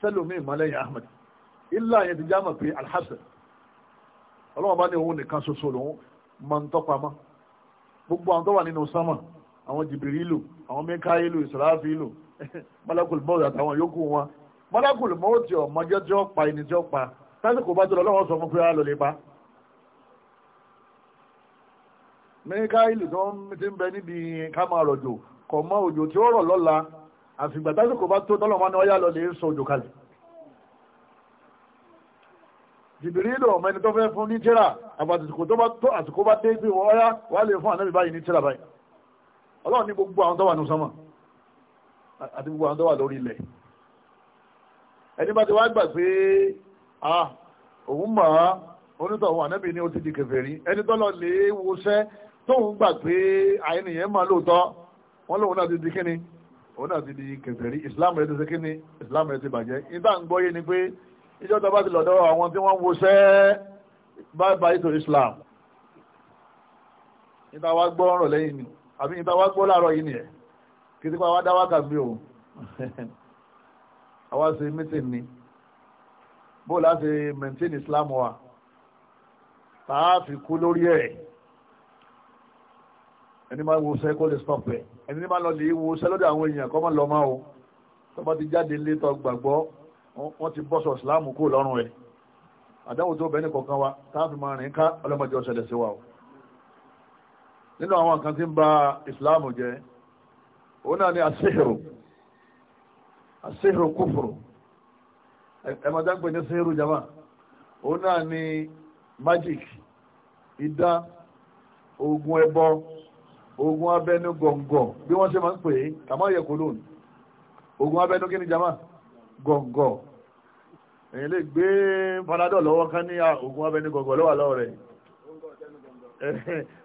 sẹ́lòmí ìmọ̀lẹ́yìn ahmed illa yẹn ti jámọ̀ pé alhassan ọlọ́wọ́n bá ní òun nìkan ṣoṣo lòun mọ́ gbogbo àwọn tó wà nínú sánmọ̀ àwọn jìbìrìlù àwọn mẹ́káìlù ìsìráfìlù mọ́lákùl mọ́ọ̀tì àtàwọn yòókù wọn mọ́lákùl mọ́ọ̀tì ọ̀mọjọ́ tí ó pa ẹni tí ó pa táyì kò bá tó lọ lọ́wọ́ sọ fún fúra lọ lè pa. mẹ́káìlù tó ń ti ń bẹ níbi ká máa rọ̀jò kọ̀ mọ́ òjò tí ó rọ̀ lọ́la àfìgbà táyì kò bá tó tọ́lọ́mọ́ ni wọ́n yá lọ lè sọ òjò kalẹ̀ jìbìrìlò ọmọ ẹni tó fẹ́ fún ní tíra àbàtìkò tó bá tó àsìkò bá dé bí wọ́n yá wà lè fún ànábì ọlọ́run ní gbogbo àwọn tó wà ní sánmà àti gbogbo àwọn tó wà lórí ilẹ̀ ẹni bá ti wá gbà pé ah òun mọ̀ á onítọ̀hún ànábì ni ó ti di kèfèrí ẹni tọ́lọ lè wọṣẹ́ tóun gbà pé àìníyàn máa lóòótọ́ wọ́n lóun náà ti di kíni òun náà ti di kèfèrí ìsìláàmù rẹ̀ ti ṣe kíni ìsìláàmù rẹ̀ ti bàjẹ́ ìdá ń gbọ́yé ni pé ìjọ tó bá ti lọ́dọ̀ àwọn tí wọ́n wọṣẹ́ báyìí tó ìsìláàmù ìta wá gbọ́ ọ̀rọ̀ lẹ́yìn ni àbí ìta wá gbọ́ láàárọ̀ yìí nìyẹn kí ti pa wá dá wákà bí o [LAUGHS] àwa ṣe mítìn ni bó láti maintain Islam wa tá a fi kú lórí ẹ̀ ẹni máa ń wọṣẹ́ kó lè stop ẹ̀ ẹni máa ń lọ lè wọṣẹ́ lọ́dọ̀ àwọn èèyàn kọ́ máa lọ máa o tó bá ti jáde lé tó gbàgbọ́ wọ́n ti bọ́sọ̀ Islam kó lọ́rùn ẹ̀ àdáwò tó bẹ́ẹ̀ ní kọ̀ọ̀kan wa tá a fi máa rìn ká ọlọ́mọdé ọ̀ṣẹ̀lẹ̀ sí wa o nínú àwọn kan tí ń ba ìsìláàmù jẹ́ òun náà ni àṣehìrò àṣehìrò kufuru. ẹ̀mọ̀dágbè ní ṣehìrò jama òun náà ni magic ida oògùn ẹbọ oògùn abẹnú gọ̀ǹgọ̀ bí wọ́n ṣe máa ń pè é kàmá yẹ kó lónìí oògùn abẹnú kí ni jama gọ̀ǹgọ̀ èyí lè gbé panadol lọ́wọ́ ká ní oògùn abẹnú gọ̀ǹgọ̀ lọ́wọ́ lọ́wọ́ rẹ̀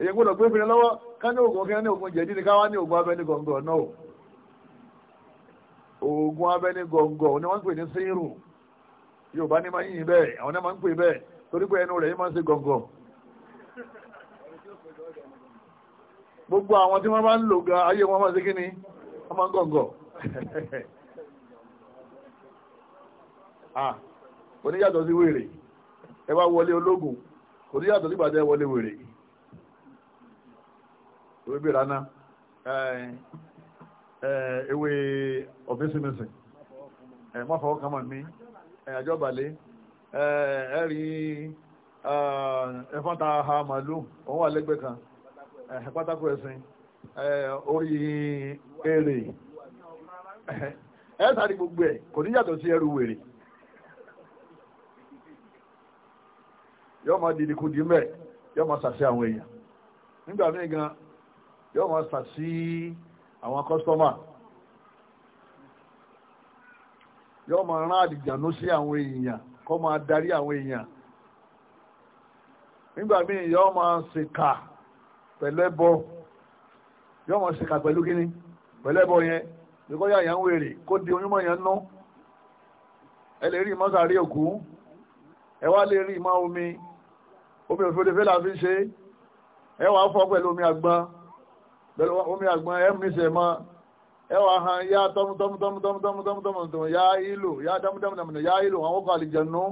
èyí gbọ́dọ̀ pé fìrẹ́ lọ́wọ́ ká ní oògùn ọkẹ́ ní oògùn jẹ̀dí ni ká wá ní oògùn abẹ́ni gọ̀ǹgọ̀ náà oògùn abẹ́ni gọ̀ǹgọ̀ ni wọ́n ń pè ní sírù yorùbá ní máa ń yìn bẹ́ẹ̀ àwọn náà máa ń pè bẹ́ẹ̀ torí pé ẹnu rẹ̀ yìí máa ń ṣe gọ̀ǹgọ̀ gbogbo àwọn tí wọ́n bá ń lò ga ayé wọn máa ṣe kí ni wọ́n máa ń gọ̀ǹgọ̀ oníyàtọ̀ [LAUGHS] ah, sí wèrè ẹ bá wọlé ológun oníyàtọ̀ sí ìgbà wọlé wèrè ewé bí ìrànà ewé ọ̀fẹ́sìmẹsì mọ́fọ̀ọ́ kan mọ̀ mí àjọ balẹ̀ ẹ̀rí ha màlúù òun wà lẹ́gbẹ̀ẹ́ kan pátákó ẹ̀sìn sáré gbogbo kò ní yàtọ̀ sí ẹrù wèrè. sàṣẹ àwọn èèyàn nígbà yóò máa sà sí àwọn kọ́sítọ́mà yóò máa rán àdìjànú sí àwọn èèyàn kọ́ máa darí àwọn èèyàn nígbà míì yóò máa ṣèkà pẹ̀lú ẹbọ yóò máa ṣèkà pẹ̀lú kíní pẹ̀lú ẹbọ yẹn bíkọ́ yà yàn wèrè kó di onímọ̀ yẹn nú ẹ lè rí ìmọ̀ sàárè òkú ẹ wá lè rí ìmọ̀ omi omi òfin òde fẹ́lá fi ṣe ẹ wàá fọ́ pẹ̀lú omi àgbọn bẹ̀rẹ̀ omi àgbọn ẹ̀ mísẹ̀ mọ́ ẹ wà hàn yá tọ́mùtọ́mùtọ́mùtọ́mùtọ́mùtọ́mù yá ìlú yá dámúdámúdámù yá ìlú àwọn ọkọ̀ àlìjẹ̀nú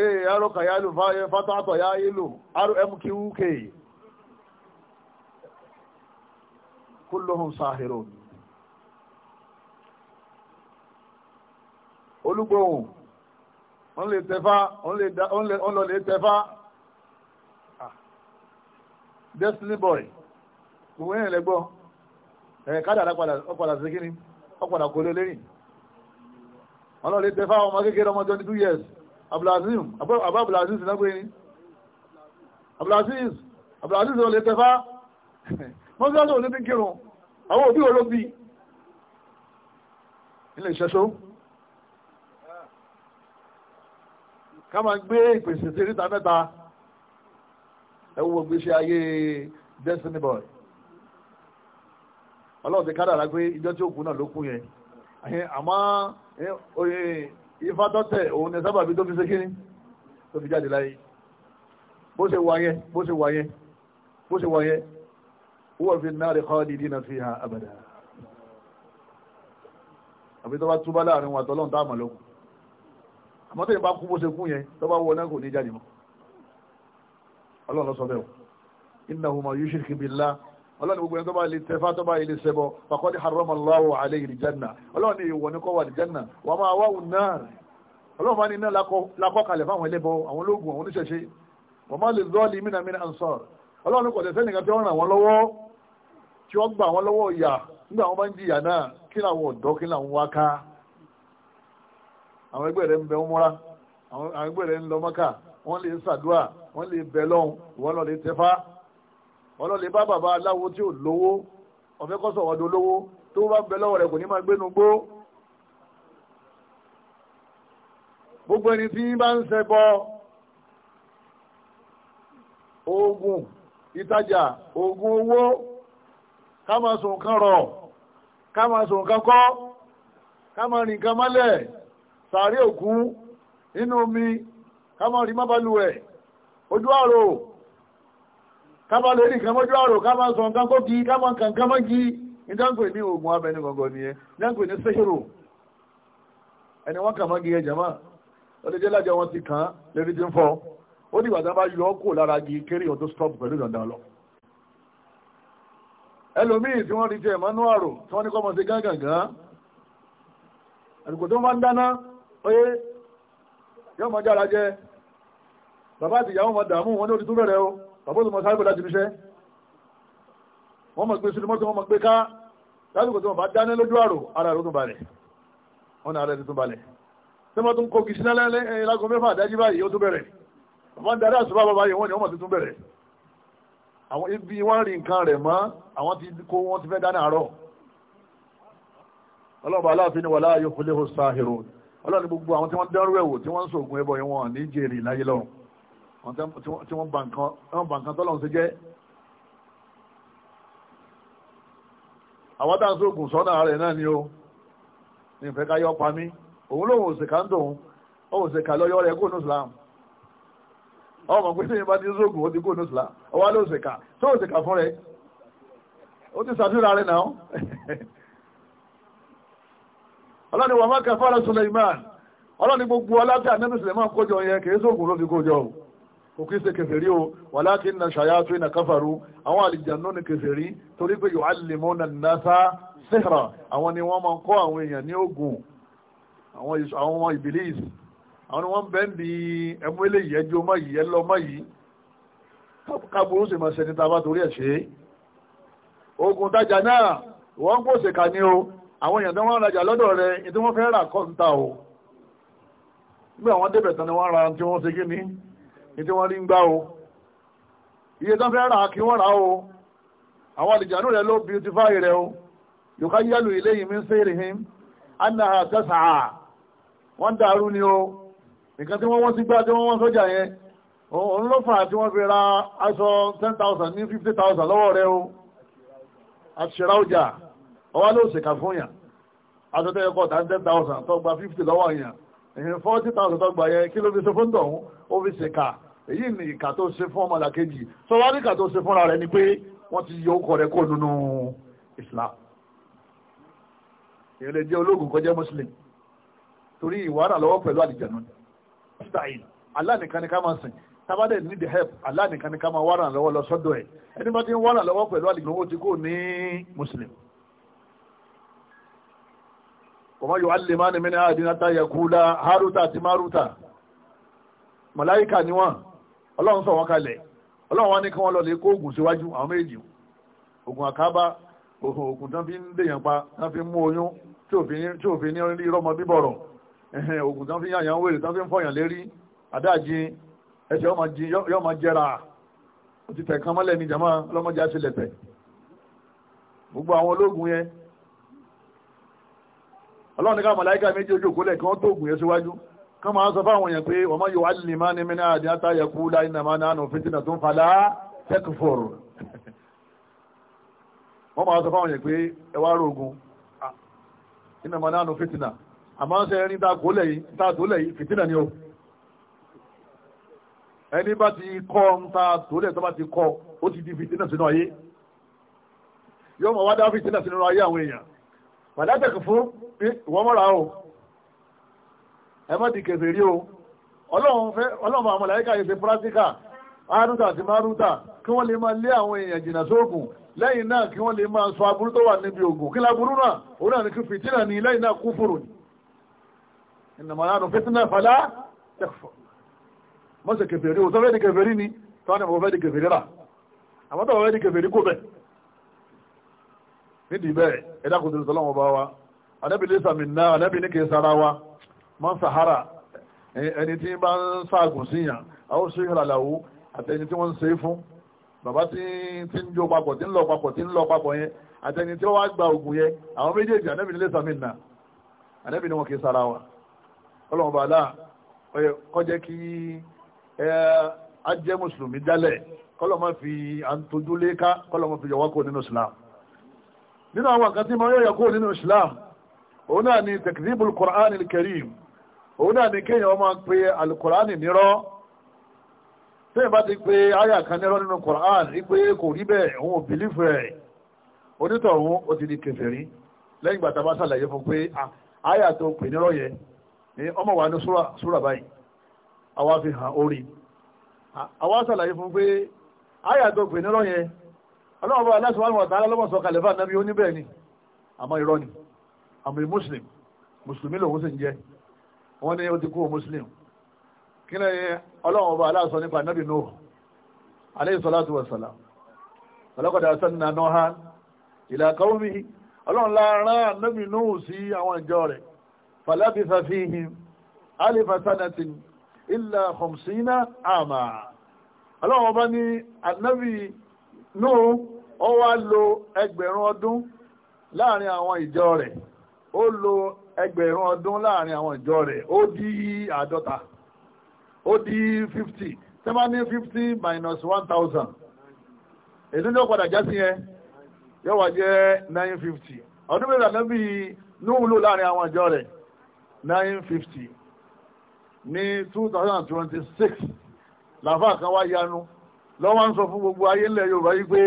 ee arọ́kà yá ìlú fátátọ̀ yá ìlú rmqk kulluhum sahirun olúgbòhùn wọ́n lè tẹfá wọ́n lọ lè tẹfá ah. destiny boy gbogbo ẹ̀yìn lẹ́gbọ́ ẹ̀yìn kádàrá ọ̀padà sí kíni ọ̀padà kò lé lẹ́yìn ọlọ́run lè tẹ́fà ọmọ kékeré ọmọ twenty two years abdulazim abba abdulaziz náà gbé ní abdulaziz abdulaziz ò lè tẹ́fà [LAUGHS] mọ́sálásí ò ní bí kírun àwọn òbí ò ló bí ilé ìṣẹ́ṣọ́ ká máa gbé ìpèsè sí ríta mẹ́ta ẹ̀wọ̀n gbèsè ayé destiny boy ọlọ́run ti kádàrá pé ìjọ tí ó kú náà ló kú yẹn àmọ́ ifá tọ́tẹ̀ òun ni sábàbí tó fi ṣe kíní tó fi jáde láyé bó ṣe wà yẹn bó ṣe wà yẹn bó ṣe wà yẹn wọ́n fi náà rí khalidina fiha abada àbí tó bá túbá láàrin wọn àtọ́lọ́run tá àmọ́ lókun àmọ́ tó yẹ bá kú bó ṣe kú yẹn tó bá wọ náà kò ní jáde mọ́ ọlọ́run lọ sọ bẹ́ẹ̀ o innahu ma yushrik billah ọlọ́ni gbogbo ẹni tó bá lè tẹfá tó bá lè ṣẹbọ fàkọ́ ní haram aláwọ̀ alẹ́ ìrì jẹ́nà ọlọ́ni ìwọ̀ ní kọ́ wà ní jẹ́nà wà máa wáwù náà ọlọ́run bá ní iná lakọ́ kalẹ̀ fáwọn ẹlẹ́bọ àwọn ológun àwọn oníṣẹ̀ṣe wọ́n má lè zọ́ọ̀lì mínà mínà ansar ọlọ́run kò tẹ̀sẹ́ nìkan tí wọ́n ràn wọ́n lọ́wọ́ tí wọ́n gbà wọ́n lọ́wọ́ ìyà nígbà wọ́n bá ń jìyà náà kí làwọn ọ̀dọ́ kí làwọn wá ká àwọn ẹgbẹ́ rẹ̀ ń bẹ ń múra àwọn ẹgbẹ́ rẹ̀ ń lọ mọ́kà wọ́n lè ṣàdúrà wọ́n lè bẹ lọ́hùn ìwọ́n lọ lè tẹfá wọn lọ lè bá bàbá aláwo tí ò lówó ọ̀fẹ́ kọ́sọ̀ ọ̀dọ̀ lówó tó bá bẹ lọ́wọ́ rẹ̀ kò ní máa gbénu gbó gbogbo ẹni tí bá ń ṣẹbọ oògùn ìtajà oògùn owó ká máa sùn kan rọ̀ ká máa sùn kan kọ́ ká máa rìn kan mọ́lẹ̀ sàárè òkú nínú omi ká máa rí má balùwẹ̀ ojú àrò kábà lórí nǹkan mọ́jú àrò kábà sọ nǹkan kó kí kábà kankan mọ́ kí ìdáǹkò ní oògùn abẹni gọ̀gọ̀ ni ẹ ìdáǹkò ní sẹ́ṣòro ẹni wọ́n kà mọ́ kí ẹ jàmá ọdẹ́jẹ́ lájọ wọn ti kàn án lórí ti ń fọ́ ó dìgbà tá bá yọ ọ́ kò lára gi kéré ọ̀tọ́ stop pẹ̀lú ìdàndà lọ ẹlòmíì tí wọ́n rí jẹ ìmọ̀nú àrò tí wọ́n ní kọ́ mọ̀ sí gángangan àdìgbò tó máa ń dáná oyé yọ́ bàbá àti ìyàwó mọ̀ dààmú wọn ní orí tún bẹ̀rẹ̀ o bàbá òsùnmọ̀ sáré bọ̀dá ti fi ṣẹ́ wọ́n mọ̀ pé sinimọ́tò wọ́n mọ̀ pé ká lásìkò tí wọ́n bá dáná lójú àrò ara rẹ̀ tó balẹ̀ wọ́n ní ara rẹ̀ tó balẹ̀ tí wọ́n tún kó kì síná lágọ mẹ́fà àdájí báyìí ó tún bẹ̀rẹ̀ bàbá ń darí àṣùbà bàbá yìí wọ́n ní wọ́n mọ̀ tuntun bẹ̀rẹ̀ àwọn ibi wọ́n tí wọ́n bà nǹkan tọ́lọ́run ṣe jẹ́ àwọn dáhùn sókùn sọ́nà rẹ̀ náà ni o ní ìfẹ́ ká yọ pa mí òun lòun òsèkà ń dòun òsèkà lọ́yọ́ rẹ̀ kó nù Islam ọmọ pé sẹ́yìn bá ti sókùn ó ti kó nù Islam ọwá ló òsèkà tó òsèkà fún rẹ̀ ó ti sàdúrà rẹ̀ náà ọlọ́ni kẹfà rẹ̀ ọlọ́ni gbogbo kójọ yẹn kì í ló fi kò kí ṣe kèfèrí o walakinna shayatina kafaru àwọn àlìjànú ni kèfèrí torí pé yu'allimuna an-nasa sihra àwọn ni wọ́n máa ń kọ́ àwọn èèyàn ní ogun àwọn ọmọ ìbílíìsì àwọn ni wọ́n bẹ́ ń bi ẹmú eléyìí ẹjọ́ mọ́ yìí ẹlọ́ mọ́ yìí káàbùrú sì máa ṣẹni tàbá torí ẹ̀ ṣe é ogun tajà náà wọ́n pòsè kà ní o àwọn èèyàn tó wọ́n rajà lọ́dọ̀ rẹ̀ ní tí wọ́n fẹ́ rà kọ́ńtà o nígbà wọ́n débẹ̀ tán ni wọ́n ra tí wọ́n ṣe kí ni ní tí wọ́n rí ń gbá o iye tán fẹ́ rà kí wọ́n rà o àwọn àlìjànú rẹ̀ ló beautify rẹ̀ o yòókà yẹ́lù ilé yìí mi ń sèrè him anna tẹ́sà wọ́n dàrú ni o nǹkan tí wọ́n wọ́n sí gbá tí wọ́n wọ́n sọ́jà yẹn òun ló fà tí wọ́n fi ra aṣọ 10,000 ní 50,000 lọ́wọ́ rẹ̀ o àṣìṣẹ́ra ọjà ọwá ló ṣèkà fún yàn aṣọ tẹ́yẹ kọ́ 10,000 tó gba 50 lọ́wọ́ yàn èyàn 40,000 tó gba yẹn kí ló fi ṣe fún tọ̀hún ó fi ṣèkà èyí ni ìkà tó ṣe fún ọmọlàkejì tó wá ní ìkà tó ṣe fúnra rẹ̀ ni pé wọ́n ti yọ ọkọ rẹ̀ kó nínú Islam èyí lè jẹ́ ológun kọjá muslim torí ìwárà lọ́wọ́ pẹ̀lú àlìjẹ̀nu stein Allah nìkan ni ká máa sìn tábàdẹ̀ need help Allah nìkan ni ká máa wárà lọ́wọ́ lọ sọ́dọ̀ ẹ̀ ẹni bá ti ń wárà lọ́wọ́ pẹ̀lú àlìjẹ̀nu ó ti kó ní muslim kọmọ yóò alìmánimínà àdínátà yakula haruta àti maruta màláíkà ni wọ́n ọlọ́run sọ wọn kalẹ̀ ọlọ́run wá ní kí wọ́n lọ lè kó oògùn síwájú àwọn méjì oògùn àkábá oògùn tán fi ń dèyàn pa tán fi ń mú oyún tí òfin ní rí rọmọ bíbọ̀rọ̀ oògùn tán fi ń yàyàn wèrè tán fi ń fọyàn lérí àdáàjì ẹsẹ̀ yóò máa jẹrà ó ti tẹ̀kan mọ́lẹ̀ ní jàmá ọlọ́mọdé àṣelẹ̀tẹ̀ gbogbo àwọn ológun yẹn ọlọ́run ní ká màláíkà méjì ojú òkúlẹ̀ kí wọ́n tó oògùn yẹn síwájú kan máa sọ fáwọn èèyàn pé wọ́n máa yóò wá lè máa ní mí náà ní àtàyẹ kú láì nàmá nánú fìtínà tó ń falá tẹ́kùfọ̀rù wọ́n máa sọ fáwọn èèyàn pé ẹwà rogun ìnàmá ah, nánú fìtínà àmọ́ ń sẹ́ ẹni tààtòlẹ̀ yìí fìtínà ni ó ẹni bá ti kọ́ ẹ má di kẹsẹ̀ rí o ọlọ́run fẹ́ ọlọ́run àwọn màláíkà yìí ṣe pírátíkà arúta àti márúta kí wọ́n lè máa lé àwọn èèyàn jìnnà sóògùn lẹ́yìn náà kí wọ́n lè máa sọ aburú tó wà níbi ògùn kí láburú náà òun náà ní fìtínà ní lẹ́yìn náà kúfùrù ni ìnàmọ̀lá nù fìtínà fàlá tẹ̀fọ̀ mọ́sẹ̀ kẹfẹ̀rí o tọ́fẹ́ di kẹfẹ̀rí ni tọ́wọ́n mọ̀ fẹ́ di kẹfẹ̀rí rà àwọn tọ́wọ́ bá wa anábì sàmì náà anábì ní kì wa man sahara ẹni tí bá ń sáàgùn síyàn àwọn sèhìrà làwọ àtẹni tí wọ́n ń ṣe fún bàbá tí tí ń jó papọ̀ tí ń lọ papọ̀ tí ń lọ papọ̀ yẹn àtẹni tí ó wá gba ògùn yẹn àwọn méjèèjì ànẹ́bì nílé sàmìnà ànẹ́bì ni wọn kì í sara wa ọlọ́run bàálà kọjẹ́ kí a jẹ́ mùsùlùmí dálẹ̀ kọ́lọ̀ máa fi àǹtójú léka kọ́lọ̀ máa fi yọwọ́ kó nínú islam nínú àwọn nǹkan tí mo yọ yọ kó nínú islam òun náà ni tẹkidibul qur'an al òun náà ni kéèyàn máa pe alukurani nírọ́ tẹ́yìn bá ti pe àyà kan nírọ́ nínú Quran rí pé kò rí bẹ́ẹ̀ òun ò bìlífù ẹ̀ ó ti di kèfèrí lẹ́yìn gbàtà bá ṣàlàyé fún pé àyà tó pè nírọ́ yẹ ọmọ wa ní súrà báyìí àwa fi hàn orí àwa ṣàlàyé fún pé àyà tó pè nírọ́ yẹ bá aláṣọ wọn wọ̀tá kàlẹ́fà ni ni àmọ́ muslim wọ́n ní ó ti kú muslim kí ni ọlọ́run ọba aláàsọ nípa nábì nù alayhi salatu wa salam ọlọ́kọ̀dá sẹ́nà náà ìlà qaumi ọlọ́run láàrán nábì nù sí àwọn ìjọ rẹ̀ falabitha fihim alifa sanatin illa khamsina ó lo ẹgbẹ̀rún ọdún láàrin àwọn ìjọ rẹ̀ ó di àádọ́ta ó di fifty sẹ́mà fifty minus one thousand èdè ní ọ̀padà já sí yẹn yóò wá jẹ́ nine fifty ọdún mẹ́rin àná bíi núhùlù láàrin àwọn ìjọ rẹ̀ nine fifty ní two thousand and twenty six làfáà kan wá yanu lọ́wọ́ ń sọ fún gbogbo ayé ńlẹ̀ Yorùbá yìí pé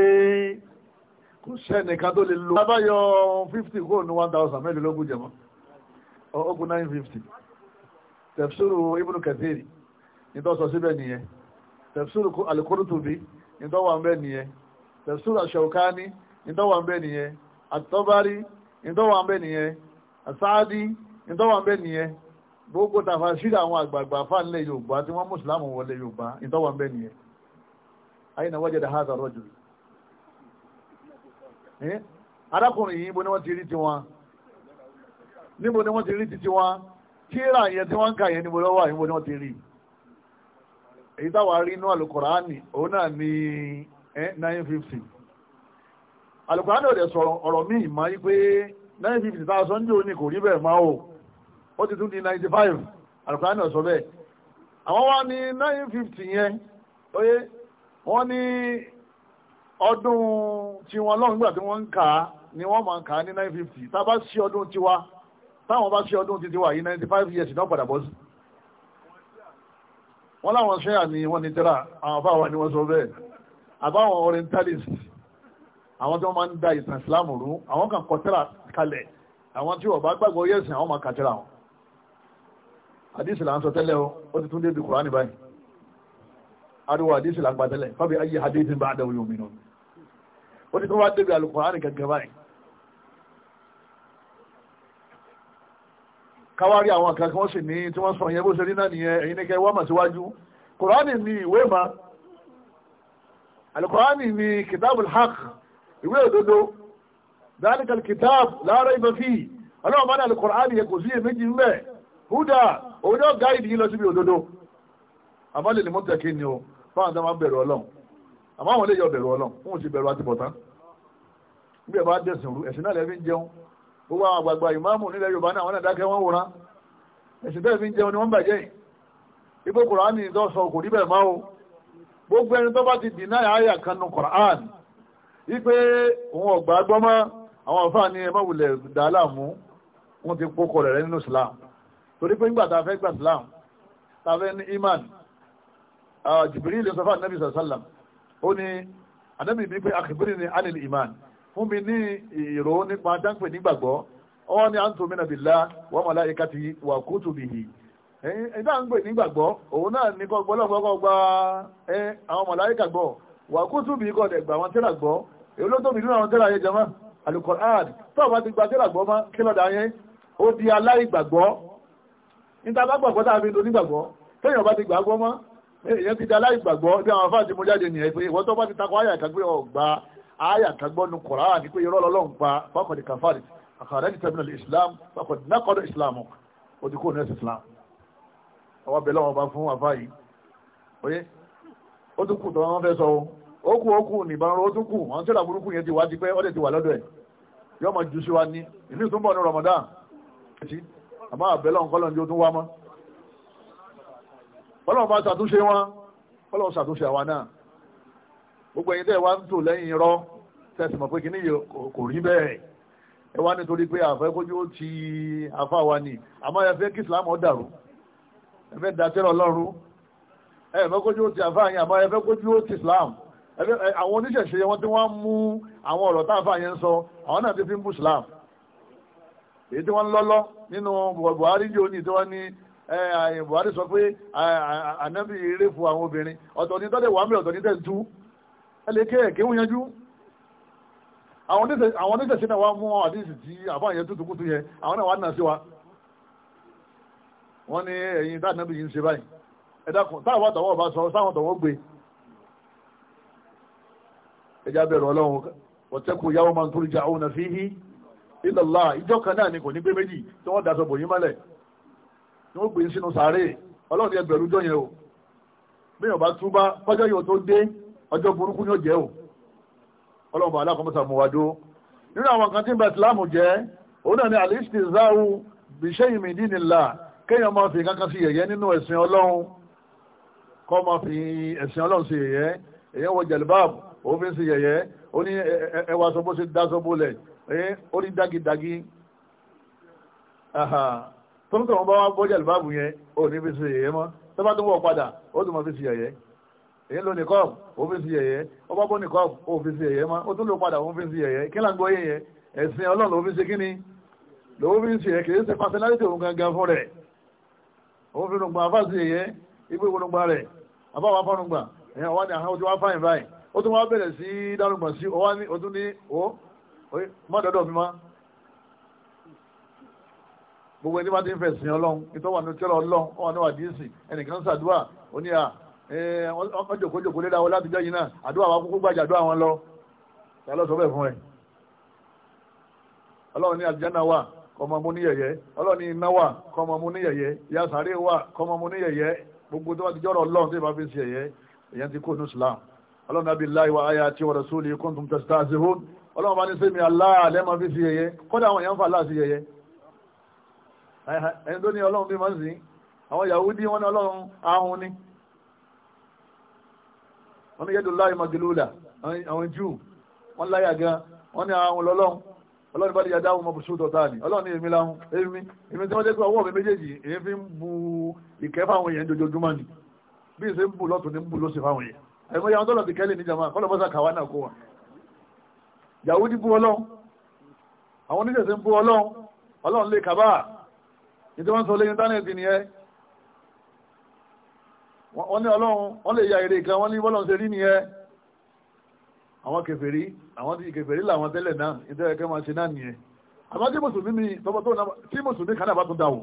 kò sẹ́nìkan tó lè lo. lábáyọ fifty kúrò ní one thousand mẹ́rìnlélógún jẹ̀mọ́. ó kú 950 tafsiru ibn kathiri nítọ́ sọ síbẹ̀ nìyẹn tafsiru al-Qurtubi wà ń bẹ̀ nìyẹn tafsiru ash-Shawkani wà ń bẹ̀ nìyẹn at-Tabari wà ń bẹ̀ nìyẹn wà ń nìyẹn gbogbo tàfà síra àwọn àgbààgbà fáńlẹ̀ Yorùbá tí wọ́n mùsùlámù wọlé Yorùbá nítọ́ wà ń bẹ̀ nìyẹn ayna wajada hadha ar eh? arákùnrin yìí bó ti rí níbo ni wọ́n ti rí títí wọn tíra yẹn tí wọ́n ń kà yẹn níbo lọ́wọ́ àyíwò ni wọ́n ti rí èyí táwa rí inú alukọ̀ránì òun náà ní nine fifty alukọ̀ránì ò dẹ̀ sọ̀rọ̀ ọ̀rọ̀ míì máa yí pé nine tá a sọ ń jò ní kò rí bẹ́ẹ̀ máa o ó ti tún di ninety five alukọ̀ránì bẹ́ẹ̀ àwọn wa ní nine yẹn oye wọ́n ní ọdún tiwọn lọ́hùn nígbà tí wọ́n ń kà ni wọ́n máa ń kà á ní nine tá a bá sí ọdún tiwa táwọn bá ṣe ọdún títí wà yìí 95 years náà padà bọ́ sí wọ́n láwọn ṣẹ́yà ni wọ́n ní tẹ́ra àwọn afáwà ni wọ́n sọ bẹ́ẹ̀ àbáwọn orientalist àwọn tí wọ́n máa ń da ìtàn ìsìláàmù rú àwọn kan kọ tẹ́ra kalẹ̀ àwọn tí wọ́n bá gbàgbọ́ yẹ̀sìn àwọn máa kà tẹ́ra wọn àdísì là ń sọ tẹ́lẹ̀ o ó ti tún débi kùránì báyìí ariwo àdísì là ń gbà tẹ́lẹ̀ fábí ayé hadith bá adáwó yóò mìíràn ó ti tún wá débi alukùránì gẹ́gẹ́ báyìí káwárí àwọn kan kí wọ́n sì ní tí wọ́n sọ yẹn bó ṣe rí náà nìyẹn ẹ̀yin ní kẹ́ wá mà síwájú kùránì ni ìwé ma alukùránì ni kìtàbù haq ìwé òdodo dáríkà kìtàbù la rayba fi ọlọ́run bá ní alukùránì yẹ kò sí èméjì ń bẹ̀ húdà òun yóò gáìdì yín lọ síbi òdodo àmọ́ lè ní mọ́tẹ́kì ni o fáwọn tó bẹ̀rù ọlọ́run àmọ́ àwọn lè yọ bẹ̀rù ọlọ́run fún òsì bẹ̀rù àtibọ̀tán bí ẹ bá dẹ̀sìn ẹ̀sìn náà lẹ́fí ń jẹun gbogbo àwọn àgbààgbà ìmáàmù nílẹ̀ yorùbá náà wọ́n náà dákẹ́ wọ́n wòran ẹ̀sìn bẹ́ẹ̀ fi ń jẹun ni wọ́n bàjẹ́ ipò kùránì tó sọ kò rí bẹ́ẹ̀ máa o gbogbo ẹni tó bá ti dì náà àyà kan nu kùránì wípé òun ọ̀gbà gbọ́mọ́ àwọn àfáà ni ẹ má wulẹ̀ dà láàmú wọ́n ti kókọ rẹ̀ nínú islam torí pé nígbà tá a fẹ́ gba islam tá a fẹ́ ní iman jibril sọfà nàbì sàlám ó ní anábì mi pé akibiri ni anil iman fún mi ní ìró nípa dáńpẹ̀ nígbàgbọ́ ọwọ́ ni a ń tòmínà bìlá wọ́n mọ̀lá ẹ̀ka ti wà kóòtù bìhì ẹ̀dá ń gbè nígbàgbọ́ òun náà ní kọ́ gbọ́lọ́gbọ́ kọ́ gba àwọn mọ̀láyíkà gbọ́ wà kóòtù bìhì kọ́ dẹ̀gbà àwọn tẹ́là gbọ́ èyí ló tóbi nínú àwọn tẹ́là yẹn jẹmọ́ Al-Qur'an tó bá ti gba tẹ́là gbọ́ mọ́ kí lọ́dà yẹn ó di aláìgbàgbọ́ níta bá gbàgbọ́ tá àyà àtàgbọ́nu Kùránì pé irọ́ lọ́lọ́run pa fákọ̀dì kàfàrì àkàrẹ́ islam fákọ̀dì nákọ̀dọ̀ islam òdìkó ko ẹ̀sìn islam Ọwa abẹ́lé ọba fún àfá yìí oyé ó ku kù tó wọn fẹ́ sọ ó kù ó kù nìbọn ó tún kù wọn ti ti ju wa Ramadan wá ọlọ́run gbogbo ẹ̀yin tẹ́ wá ń tò lẹ́yìn irọ́ tẹ̀sí mọ̀ pé kí ni kò rí bẹ́ẹ̀ ẹ wá nítorí pé àfẹ́ kójú ó ti afá wa ni àmọ́ ẹ fẹ́ kí islam ó dàrú ẹ fẹ́ dàtẹ́rọ ọlọ́run ẹ fẹ́ kójú ó ti afá yẹn àmọ́ ẹ fẹ́ kójú ó ti islam àwọn oníṣẹ̀ṣe wọn tí wọ́n mú àwọn ọ̀rọ̀ tá àfá yẹn sọ àwọn náà ti fi ń bú islam èyí tí wọ́n lọ́lọ́ nínú buhari jẹ́ òní tí wọ́n ní buhari sọ pé ànábì eré fún àwọn obìnrin ọ̀tọ̀ ní tọ́lẹ̀ wàmí ọ̀tọ̀ ní tẹ̀ tú ẹlẹ́kẹ́ ẹ̀kẹ́ wọ́n yanjú àwọn oníṣẹ̀ṣẹ́ náà wá mú àdíṣì tí àbáyẹ tó tókútó yẹ àwọn náà wá náà sí wa wọ́n ní ẹ̀yìn dáàdínábì yìí ń ṣe báyìí ẹ̀dàkùn táwọn àtàwọn ọba sọ sáwọn àtàwọn gbé ẹjá bẹ̀rù ọlọ́run wọ̀tẹ́kù yàwó máa ń torí jà òun àfi hí ìlàlá ìjọ kan náà ni kò ní gbé méjì tí wọ́n daṣọ bò yín mọ́lẹ̀ ni wọ́n gbé sínú sàárè ọlọ́run yẹ bẹ̀rù jọ yẹn o bí yóò bá túbá kọjọ́ yóò tó ọjọ́ burúkú yóò jẹ́ o ọlọ́run bàálà kan mọ́ta mú wa dó nínú àwọn kan tí ń bá ìsìláàmù jẹ́ òun náà ni àlìsìtì záwù bìṣẹ́ ìmì dínìlá kéèyàn máa fi kankan sí yẹ̀yẹ́ nínú ẹ̀sìn ọlọ́run kọ́ máa fi ẹ̀sìn ọlọ́run sí yẹ̀yẹ́ èyàn wọ jẹ̀lbáàbù òun fi ń sí yẹ̀yẹ́ ó ní ẹwà sọ́bó sí dá sọ́bó lẹ̀ ó ní dágídágí tó ń tọ̀ wọn bá wá bọ́ jẹ̀lbáàbù yẹn ó ní fi sí yẹ̀yẹ́ mọ́ tó padà ó tún máa fi sí yẹ̀yẹ́ èyí ló nìkọ́ òfin sí ẹ̀yẹ ọba bó nìkọ́ òfin sí ẹ̀yẹ máa ó tún lò padà òfin sí ẹ̀yẹ kí láǹgbọ́ yẹn yẹ ẹ̀sìn ọlọ́run òfin sí kíni lòfin sí ẹ̀yẹ kì í ṣe pàṣẹlárìtì òun gangan fún rẹ̀ òfin nùgbà afá sí ẹ̀yẹ igbó ìwọ̀nùgbà rẹ̀ abáwọ̀ afọ́nùgbà ẹ̀yẹ ọwá ni àwọn ojú wa fáìn báyìí ó tún wá bẹ̀rẹ̀ sí dárúgbà sí ọwá ní ó tún ní ó má dọ́dọ̀ mi ọjọ́kójòkó eh, lé dáwọ́ látijọ́ yìí náà àdúrà wa kúkú gbàjà àdúrà wọn lọ ta ló sọ bẹ́ẹ̀ fún ẹ ọlọ́run ní àlùjánnà wà kọmọ mú ní yẹ̀yẹ́ ọlọ́run ní iná wà kọmọ mú ní yẹ̀yẹ́ ìyà sàárè wà kọmọ mú ní yẹ̀yẹ́ gbogbo tó bá ti jọ́rọ̀ ọlọ́run tó bá fi ṣe yẹ̀yẹ́ èyàn ti kó ní islam ọlọ́run nàbí láì wà áyà tí wa rasúlì kuntum tastahzihun ọlọ́run bá ní sẹ́mi aláàlẹ́ máa fi ṣe yẹ̀yẹ́ kọ́dà àwọn èèyàn fà láà sí yẹ̀yẹ́ ẹni tó ní ọlọ́run bí máa ń sìn àwọn Yahudi wọn ní ọlọ́run ahun ni wọ́n ní yẹ́dùn láì magilúlà àwọn jù wọ́n láyà gan wọ́n ní àwọn ọlọ́run ọlọ́run bá ti yàdá àwọn ọmọbùsùn tọ̀tà ni ọlọ́run ní èmi láhùn èmi èmi tí wọ́n jẹ́ pé ọwọ́ mi méjèèjì èyí fi ń bu ìkẹ́ fáwọn èèyàn jojoojúmọ́ ni bí ìṣe ń bu lọ́tún ní ń bu lóṣè fáwọn èèyàn ẹ̀mọ́ ya ọdọ́lọ̀ ti kẹ́lẹ̀ ní jama kọ́lọ̀ bọ́sà kàwá náà kó wà yàwó ní bú ọlọ́run àwọn oníṣẹ̀ṣẹ̀ ń bú ọlọ́run ọlọ́run lè kàbá ní tí wọ́n sọ lé íńtánẹ́ẹ̀tì nìyẹn wọ́n ní ọlọ́run wọ́n lè ya èrè kan wọ́n ní bọ́lọ́run ṣe rí nìyẹn àwọn kèfèrí àwọn tí kèfèrí làwọn tẹ́lẹ̀ náà ìtẹ́rẹ̀ kẹ́ máa ṣe náà nìyẹn àmọ́ tí mùsùlùmí mi tọ́pọ̀ tó náà tí mùsùlùmí kan náà bá tún dà wò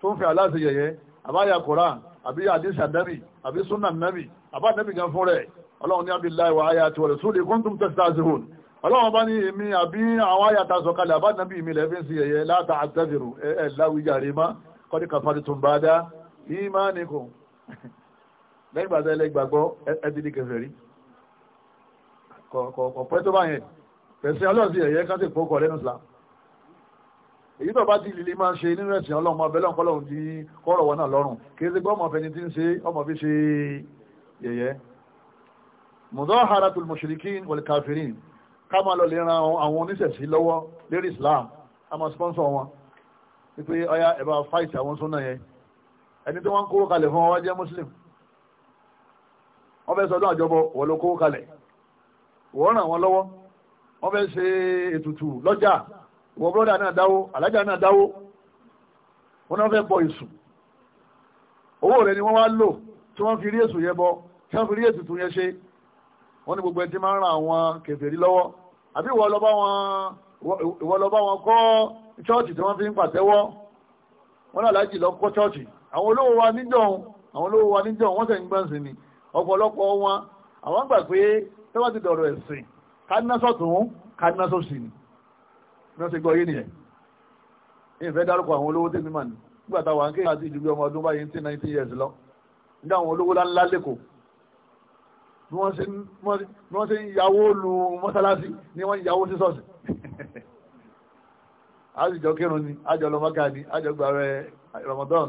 tó ń fẹ́ aláṣẹ yẹ̀yẹ́ àbáyà Koran àbí àdìs àdábì àbí súnà nàbì àbá nàbì gan fún rẹ̀ ọlọ́run ní abillahi wa ayati wa rasuli kuntum tastahzi'un ọlọ́run bá ní èmi àbí àwọn ayàtà sọ̀kalẹ̀ àbá nàbì mi lẹ́fẹ́ sí yẹ̀yẹ́ látà àtẹ́fẹ̀rù ẹ̀ láwùjáre má kọ́dí kàfàdì [LAUGHS] lẹ́yìn ìgbà tẹ́lẹ̀ gbàgbọ́ ẹ ti di kèfèrí kọ̀ọ̀pẹ́ tó bá yẹn pẹ̀sẹ̀ ọlọ́run sí ẹ̀yẹ ká sì fọ́kọ̀ lẹ́nu ìsìlá èyí tó bá ti lè máa ṣe nínú ẹ̀sìn ọlọ́run ọbẹ̀ lọ́n kọ́lọ́run ti kọ́rọ̀ wọn náà lọ́rùn kí ẹsẹ̀ gbọ́ ọmọfẹ́ni ti ń ṣe ọmọ fi ṣe yẹ̀yẹ́ mudaharatul mushrikin wal kafirin ká máa lọ lè ran àwọn oníṣẹ̀sí lọ́wọ́ lérí Islam ká máa sponsor wọn wípé ọya ẹ̀ bá fight àwọn súnà yẹn ẹni tí wọ́n ń kóró kalẹ̀ fún wa jẹ́ muslim wọ́n fẹ́ sọdún àjọbọ wọ́n ló kóró kalẹ̀ wọ́n ràn wọ́n lọ́wọ́ wọ́n fẹ́ ṣe ètùtù lọ́jà wọ́n bọ́dà náà dáwó alájà náà dáwó wọ́n náà fẹ́ bọ èṣù owó rẹ̀ ni wọ́n wá lò tí wọ́n fi rí èṣù yẹn bọ tí wọ́n fi rí ètùtù yẹn ṣe wọ́n ní gbogbo ẹni tí máa ń ran àwọn kèfèrí lọ́wọ́ àbí ìwọ lọ bá wọn kọ́ chọ́ọ̀chì wọ́n fi lọ kọ́ chọ́ọ̀chì àwọn olówó wa níjọ́ àwọn olówó wa níjọ́ wọ́n tẹ̀ ń gbọ́n sí ni ọ̀pọ̀lọpọ̀ wọn àwọn gbà pé tẹ́wà ti dọ̀rọ̀ ẹ̀sìn kánásọ̀tún kánásọ̀sì ni wọ́n ti gbọ́ yé nìyẹn ìfẹ́ dárúkọ àwọn olówó tèmi mà ní nígbà táwọn akéwà àti ìdúgbò ọmọ ọdún báyìí ti nineteen years lọ nígbà àwọn olówó ńlá lẹ́kọ̀ọ́ ni wọ́n ṣe ń yàwó lu mọ́sálásí ni wọ́n ń yàwó sí ṣọ́ọ̀ṣì àjọ [LAUGHS] kírun ni àjọ lọ́mọ́ká ni àjọ gbàrẹ́ Ramadan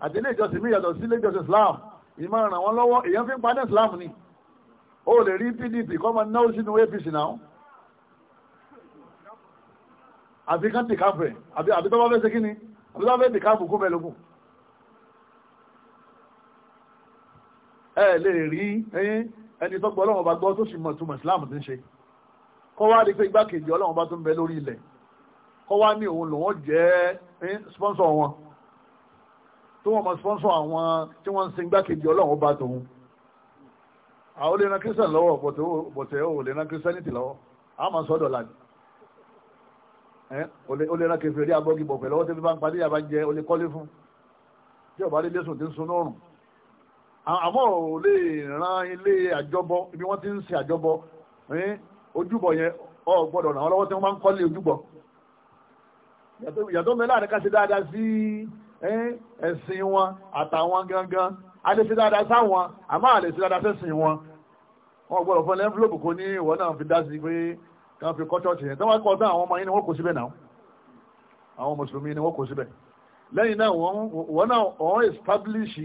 àti ilé ìjọsìn mi yàtọ̀ sí ilé ìjọsìn Islam ìmọ̀ ràn wọ́n lọ́wọ́ èèyàn fi ń padà Islam ni ó lè rí PDP kọ́ máa náwó sínú APC náà àfi kan tìka fẹ̀ àbí tọ́wọ́ fẹ́ ṣe kí ni àbí tọ́wọ́ fẹ́ tìka fún kún bẹ́ẹ̀ lókun. ẹ lè rí ẹni tó gbọ́ ọlọ́run ọba gbọ́ tó sì mọ̀ túmọ̀ Islam ti ń ṣe kọ́ wá rí pé igbákejì ọlọ́run ọba tó ń bẹ lórí ilẹ̀ kọ́ wá ní òun lòun jẹ́ sponsor wọn tó wọ́n mọ̀ sponsor àwọn tí wọ́n ń sin gbákejì ọlọ́run ọba tòun àwọn olè ran christian lọ́wọ́ bọ̀tẹ̀ ò lè ran christianity lọ́wọ́ a máa sọ́dọ̀ lánìí olè ran kẹfẹ́ rí abọ́gi bọ̀ pẹ̀lú ọwọ́ tẹ́fẹ́ bá ń padì yàrá jẹ olè kọ́lé fún tí ọba lè lẹ́sùn tí ń sun ọrùn àmọ́ ò lè ran ilé àjọbọ ibi wọ́n ti ń sin àjọbọ ojúbọ yẹn ọ gbọ́dọ̀ ràn wọ́n lọ́wọ́ tí wọ́n bá ń kọ́lé ojúbọ yàtọ̀ mẹ́lá rẹ̀ ká ṣe dáadáa sí ẹ̀sìn wọn àtàwọn gangan a lè ṣe dáadáa sáwọn àmọ́ a lè ṣe dáadáa sẹ́sìn wọn wọn gbọ́dọ̀ fún envelope kò ní ìwọ náà fi dá sí pé kan fi kọ́ church yẹn tó wá kọ́ tán àwọn ọmọ yín ni wọ́n kò síbẹ̀ náà àwọn mùsùlùmí ni wọ́n kò síbẹ̀ lẹ́yìn náà wọ́n náà wọ́n establish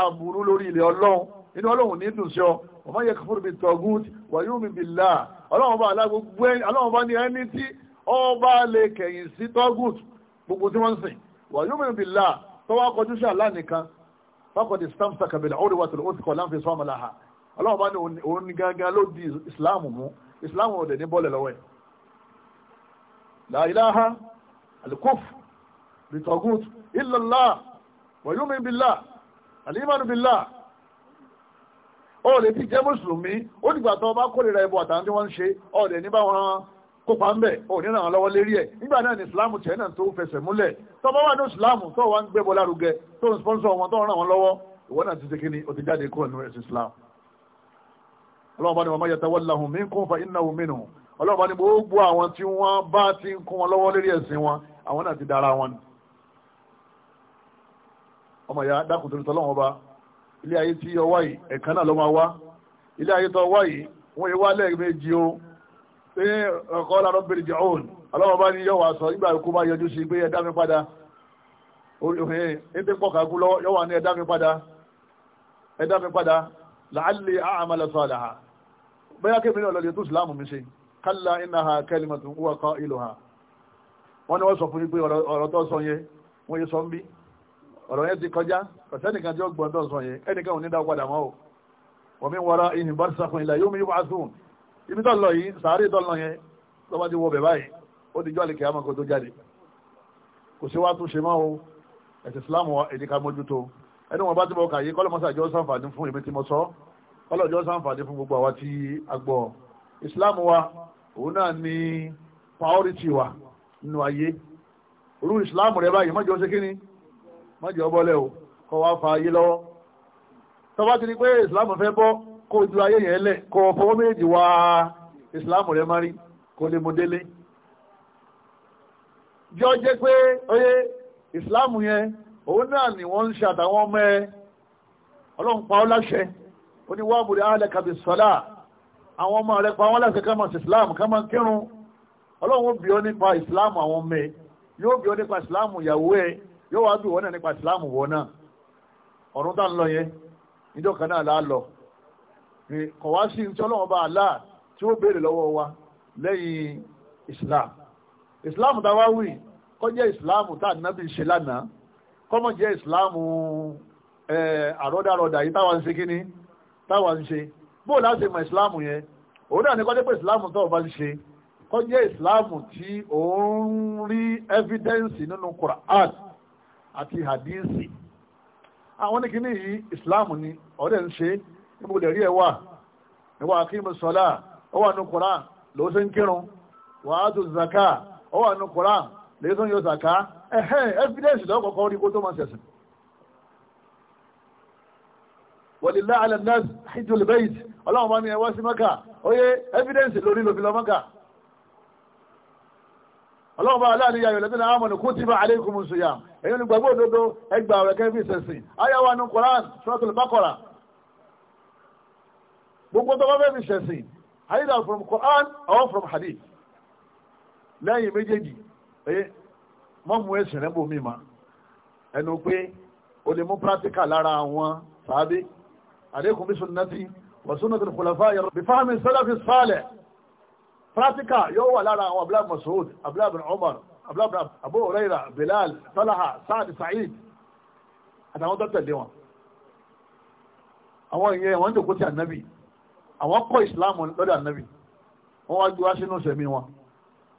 aburú lórí ilẹ̀ ọlọ́run inú ọlọ́run ní dùn sí ọ ọmọ yẹ kúrò bíi tọ́gùt wàyú mi bíi là ọlọ́run bá alágbó gbé ọlọ́run bá ní ẹni tí ọba lè kẹ̀yìn sí tọ́gùt gbogbo tí wọ́n ń sìn wà yóò mìíràn bìlá tó wá kọjú sí àlá nìkan fákọ̀dì stamsa kàbìlà ó rí wà tòló ó ti kọ̀ láǹfi sọ́ọ̀mù láha ọlọ́run bá ní òun ní gangan ló di ìsìláàmù mú ìsìláàmù ọ̀dẹ̀ ní bọ́ọ̀lẹ̀ lọ́wọ́ ẹ̀ láìláha alikuf bitogut illallah wà yóò mìíràn bìlá alimanu bìlá ó lè ti jẹ́ mùsùlùmí ó dìgbà tó bá kórìíra ẹbọ àtàwọn tí wọ́n ń ṣe ọ̀dẹ̀ ní bá wọn kópa ń bẹ̀ ò ní ràn án lọ́wọ́ lérí ẹ̀ nígbà náà ni ìsìláàmù tiẹ̀ náà tó fẹsẹ̀ múlẹ̀ tó bá wà ní ìsìláàmù tó wà ń gbé bọ́ lárugẹ tó ń sponsor wọn tó ń ràn wọn lọ́wọ́ ìwọ náà ti ṣe kíni o ti jáde kúrò nínú ẹ̀sìn ìsìláàmù. ọlọ́run bá ní wọn máa yẹta wọ́n lahùn mí kún fa iná omi nù ọlọ́run bá ní gbogbo àwọn tí wọ́n bá ti ń kún wọn lọ́wọ́ lérí ẹ̀sìn wọn àwọn náà ti dára wọn. ọmọ ìyá dákùn torí tọ́lọ́wọ́n ọba ilé ayé tí ọwá yìí ẹ̀ka náà ló máa wá ilé ayé tó ọwá yìí wọ́n yẹ wá o pé ọkọ̀ ọlọ́run bèrè jẹ́ òun ọlọ́wọ́ bá ní yọ̀wà sọ nígbà ikú bá yọjú sí pé ẹ̀dá mi padà ẹ̀dá pọ̀ kàkú lọ́wọ́ yọ̀wà ní ẹ̀dá mi padà ẹ̀dá mi padà làálì àmàlà sọ̀là ha bóyá kí mi náà sùlámù mi ṣe kálá iná ha kẹ́lìmọ̀ tó ń wọ́ ìlú ha wọ́n ní wọ́n sọ fún mi pé ọ̀rọ̀ tó sọ yẹn wọ́n yẹ sọ ń bí ọ̀rọ̀ yẹn ti kọjá kọ̀sẹ́nìkan tí ó gbọ́n tó sọ yẹn ẹnìkan ò ní dá padà mọ́ o wọ́n mi wọ́ra ìhìn bá ibi tó lọ yìí sàárè tó lọ yẹn tó bá ti wọ bẹ̀ báyìí ó ti jọ́ àlèkè àmọ́ kó tó jáde kò sí wá tún ṣe mọ́ o ẹ̀sìn ìsìláàmù èdè ká mójútó ẹni wọn bá ti bọ̀ kà yìí kọ́lọ́mọ́sá ìjọ sàǹfààní fún èmi tí mo sọ kọ́lọ́jọ́ sàǹfààní fún gbogbo àwa tí a gbọ́ ìsìláàmù wa òun náà ni priority wa nínú ayé irú ìsìláàmù rẹ báyìí mọ́jọ́ ṣe kíni mọ́jọ́ bọ́lẹ̀ o kọ́ wa fa ayé lọ́wọ́ tọ́ kó ojú ayé yẹn lẹ̀ kọ fọwọ́ méjì wá ìsìláàmù rẹ̀ márí kó lè mọ délé jọ jẹ́ pé oyé ìsìláàmù yẹn òun náà ni wọ́n ń ṣe àtàwọn ọmọ ẹ ọlọ́run pa láṣẹ ọmọ rẹ pa wọ́n láṣẹ ká máa ṣe ìsìláàmù ká máa kírun ọlọ́run bí ọ nípa ìsìláàmù àwọn ọmọ ẹ yóò bí ọ wọn náà nípa ìsìláàmù wọn náà ọ̀run tá ń lọ yẹn lọ kọ̀ wá sí tí ọlọ́run bá Allah tí ó béèrè lọ́wọ́ wa lẹ́yìn islam islam táwa wì kọ́ jẹ́ islam tá ànábì ṣe lánàá kọ́mọ̀ jẹ́ islam àrọ́dàrọ́dà yìí táwa ń ṣe kíní táwa ń ṣe bó láti mọ̀ islam yẹn òun náà ní kọ́ jẹ́ pé islam tó bá ṣe kọ́ jẹ́ islam tí òun rí evidence nínú Quran àti hadisi àwọn ní kíní yìí islam ni ọ̀rẹ́ ń ṣe níbo lè rí ẹwà ẹwà akíyèmí sọlá ọwà nù kùrán ló ṣe ń kírun wàá tó zaka ọwà nù kùrán lè tó ń yọ zaka ẹhẹn evidence lọ́kọ̀ọ́kọ́ rí kó tó máa ṣẹ̀sìn. wàlìlá alẹ́nàz hijjul bayt ọlọ́run bá ní ẹwà sí maka oyé evidence lórí lòfin lọ maka ọlọ́run bá aláàrin yàyọ̀ lẹ́bí náà mọ̀nà kutiba alaykumus siyam èyí ni gbàgbọ́ òdodo ẹgbàá rẹ̀ kẹ́fì ṣẹ̀sìn ayáwa ní koran suratul baqara gbogbo tó bá fẹ́ fi ṣẹ̀sìn either from Quran or from hadith lẹ́yìn méjèèjì ẹ mọ́mú ẹ̀sìn rẹ̀ bò mí ma ẹnu pé o lè mú practical lára àwọn sàábé alaykum bi sunnati wa sunnati al-khulafa bi fahmi salafi salih practical yóò wà lára àwọn abúlé masoud abúlé bin umar abúlé bin abu huraira bilal talaha saad sa'id àtàwọn tó tẹ̀lé wọn àwọn ìyẹn wọn tó kó ti ànábì àwọn kọ́ ìsìláàmù lọ́dọ̀ ànábì wọ́n wá gbé wá sínú sẹ̀mí wọn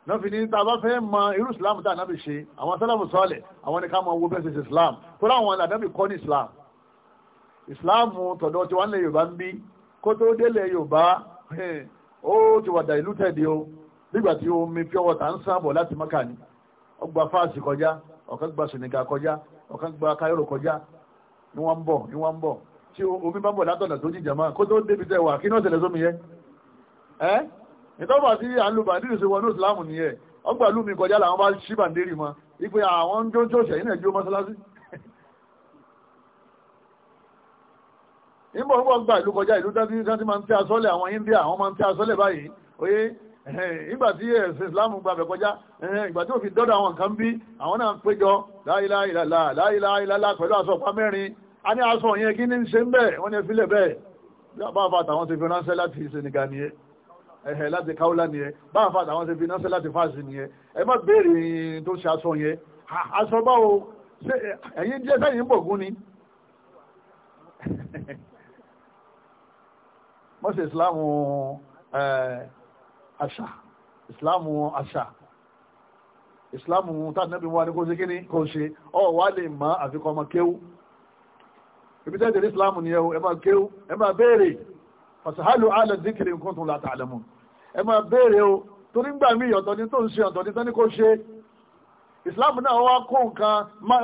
náà fi ní ta bá fẹ́ mọ irú ìsìláàmù tá ànábì ṣe àwọn sálàmù sọ́ọ̀lẹ̀ àwọn ní ká mọ owó bẹ́ẹ̀ ṣe ìsìláàmù tó láwọn ànábì kọ́ ní ìsìláàmù ìsìláàmù tọ̀dọ̀ tí wọ́n lè yorùbá ń bí kó tó délé yorùbá ó ti wàdà ìlú tẹ̀dí o nígbà tí omi pure water ń sàn bọ̀ láti mọ́kà ni ó gba fáàsì kọjá ọ̀kan gba sùnìkà kọjá ọ̀kan gba káyọ̀rọ̀ kọjá ni wọ́n ń bọ̀ ni wọ́n ń bọ̀ tí omi bá bọ̀ látọ̀nà tó jìjà máa kó tó débi tẹ́ wà kí náà tẹ̀lẹ̀ sómi yẹ ẹ́ ìtọ́bà sí àlù bàndírì sí wọnú ìsìláàmù ni ẹ̀ ọgbà ìlú mi kọjá làwọn bá ṣí bàndírì mọ́ ipe àwọn ń jó jòṣẹ̀ yìí nàìjíríà mọ́sálásí ìmọ̀ ń bọ̀ gba ìlú kọjá ìlú dáńtí máa ń tẹ́ asọ́lẹ̀ àwọn India àwọn máa ń tẹ́ asọ́lẹ̀ báyìí oyé ìgbà tí ẹ̀sìn Islam gba bẹ̀ kọjá ìgbà tí òfin dọ́dọ̀ àwọn nǹkan bí àwọn a ní aṣọ yẹn kí ní ṣe ń bẹ́ẹ̀ wọ́n ní ẹfílẹ̀ bẹ́ẹ̀ bá fa àtàwọn ti fi ránṣẹ́ láti Senegal ni ẹ ẹ̀hẹ̀ láti Kaula ni ẹ bá fa àtàwọn ti fi ránṣẹ́ láti fásitì ni ẹ ẹ má béèrè tó ṣe aṣọ yẹn aṣọ báwo ẹ̀yin jẹ́ sẹ́yìn bọ̀gún ni mọ́sí ìsìláàmù àṣà ìsìláàmù àṣà ìsìláàmù tàbí wà ní kó ṣe kí ni ṣe ọ wà lè má àfikọ́ ọmọ kéwú ibi tẹ́ ìdèrè islam ni ẹ̀hún ẹ máa kéwú ẹ máa béèrè fasahalu ala zikiri nǹkan tó ń la tààlẹ́mù ẹ o torí ń mí ọ̀tọ̀ ni tó ń ṣe ọ̀tọ̀ ni tẹ́ni kò ṣe islam náà wá kó nǹkan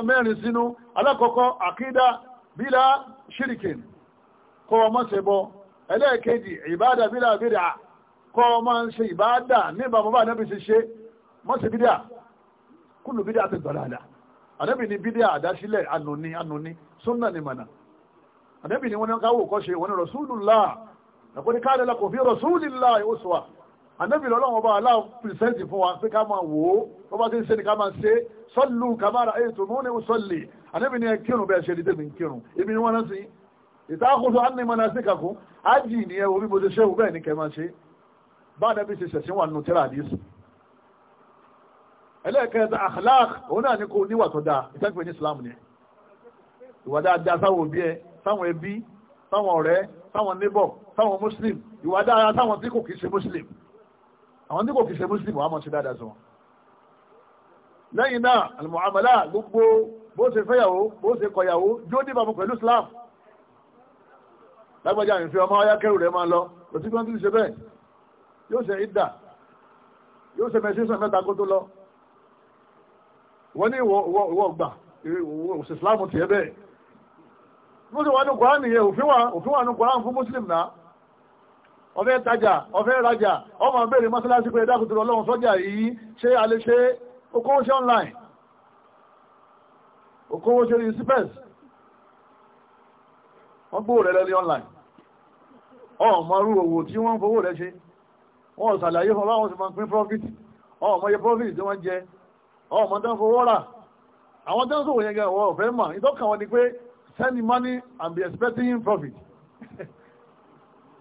mẹ́rin sínú alákọ̀ọ́kọ́ àkídá bílá ṣíríkìn kọ́ ọmọ ṣe bọ́ ẹlẹ́ẹ̀kejì ìbáàdà bílá bídà kọ́ ọmọ ṣe ìbáàdà níbà mọ́bà náà fi ṣe ṣe mọ́ ṣe bídà kúlù bídà ti dọ̀là àdá àdẹ́bì ni bídà àdásílẹ̀ ànúní ànúní súnnà ni mànà àdẹ́bì ni wọ́n ní káwò kọ́ ṣe wọ́n ní Rasulullah ẹ̀kọ́ ní káàdẹ́lá kò fi Rasulillah ó sọ wa àdẹ́bì lọ́lọ́wọ́ bá aláwọ̀ pìrìsẹ́ǹtì fún wa pé ká máa wò ó tó bá ti ń ṣe ni ká máa ṣe sallu kama ra'aytumuni usalli àdẹ́bì ni kírun bẹ́ẹ̀ ṣe ní tèmi kírun ibi ni wọ́n rán sí ìtàkùnso anni manasikakum ájì ni ẹ wo bí mo ṣe bẹ́ẹ̀ ni kẹ́ máa ṣe bá àdẹ́bì ṣe ṣẹ̀ṣin wà nù tíra àdìs ẹlẹ́ẹ̀kẹta akhlaq òun náà ni kò níwà tó dáa ìtàkùn ní Islam ni ìwà dáadáa sáwọn òbí ẹ sáwọn ẹbí sáwọn ọ̀rẹ́ sáwọn neighbor sáwọn muslim ìwà dára sáwọn tí kò kìí ṣe muslim àwọn tí kò kìí ṣe muslim wà á mọ̀ sí dáadáa sọ lẹ́yìn náà alìmọ̀hámàlá gbogbo bó ṣe fẹ́yàwó bó ṣe kọ̀yàwó jó dìbà mú pẹ̀lú islam lágbàjá àyànfẹ́ ọmọ ayákẹ́rù rẹ̀ máa lọ kò sí gbọ́n tí ṣe bẹ́ẹ̀ yóò ṣe ìdà yóò ṣe mẹ́sẹ̀sọ̀ mẹ́ta kó tó lọ wọ́n ní ìwọ̀ gbà òṣìṣ mo sì wà ní kòrán nìyẹn òfin wà ní kòrán fún muslim náà ọfẹ́ tajà ọfẹ́ rajà ọmọ béèrè mọ́sálásí pé dákùtùrọ̀ ọlọ́run sọ́jà yìí ṣe a lè ṣe okòwò online okòwò rí sípẹ́s wọ́n gbówó rẹ̀ lẹ́lẹ́ online ọmọ rú owó tí wọ́n fowó rẹ̀ ṣe wọ́n ṣàlàyé fún sì profit profit wọ́n àwọn send him money and be expecting him profit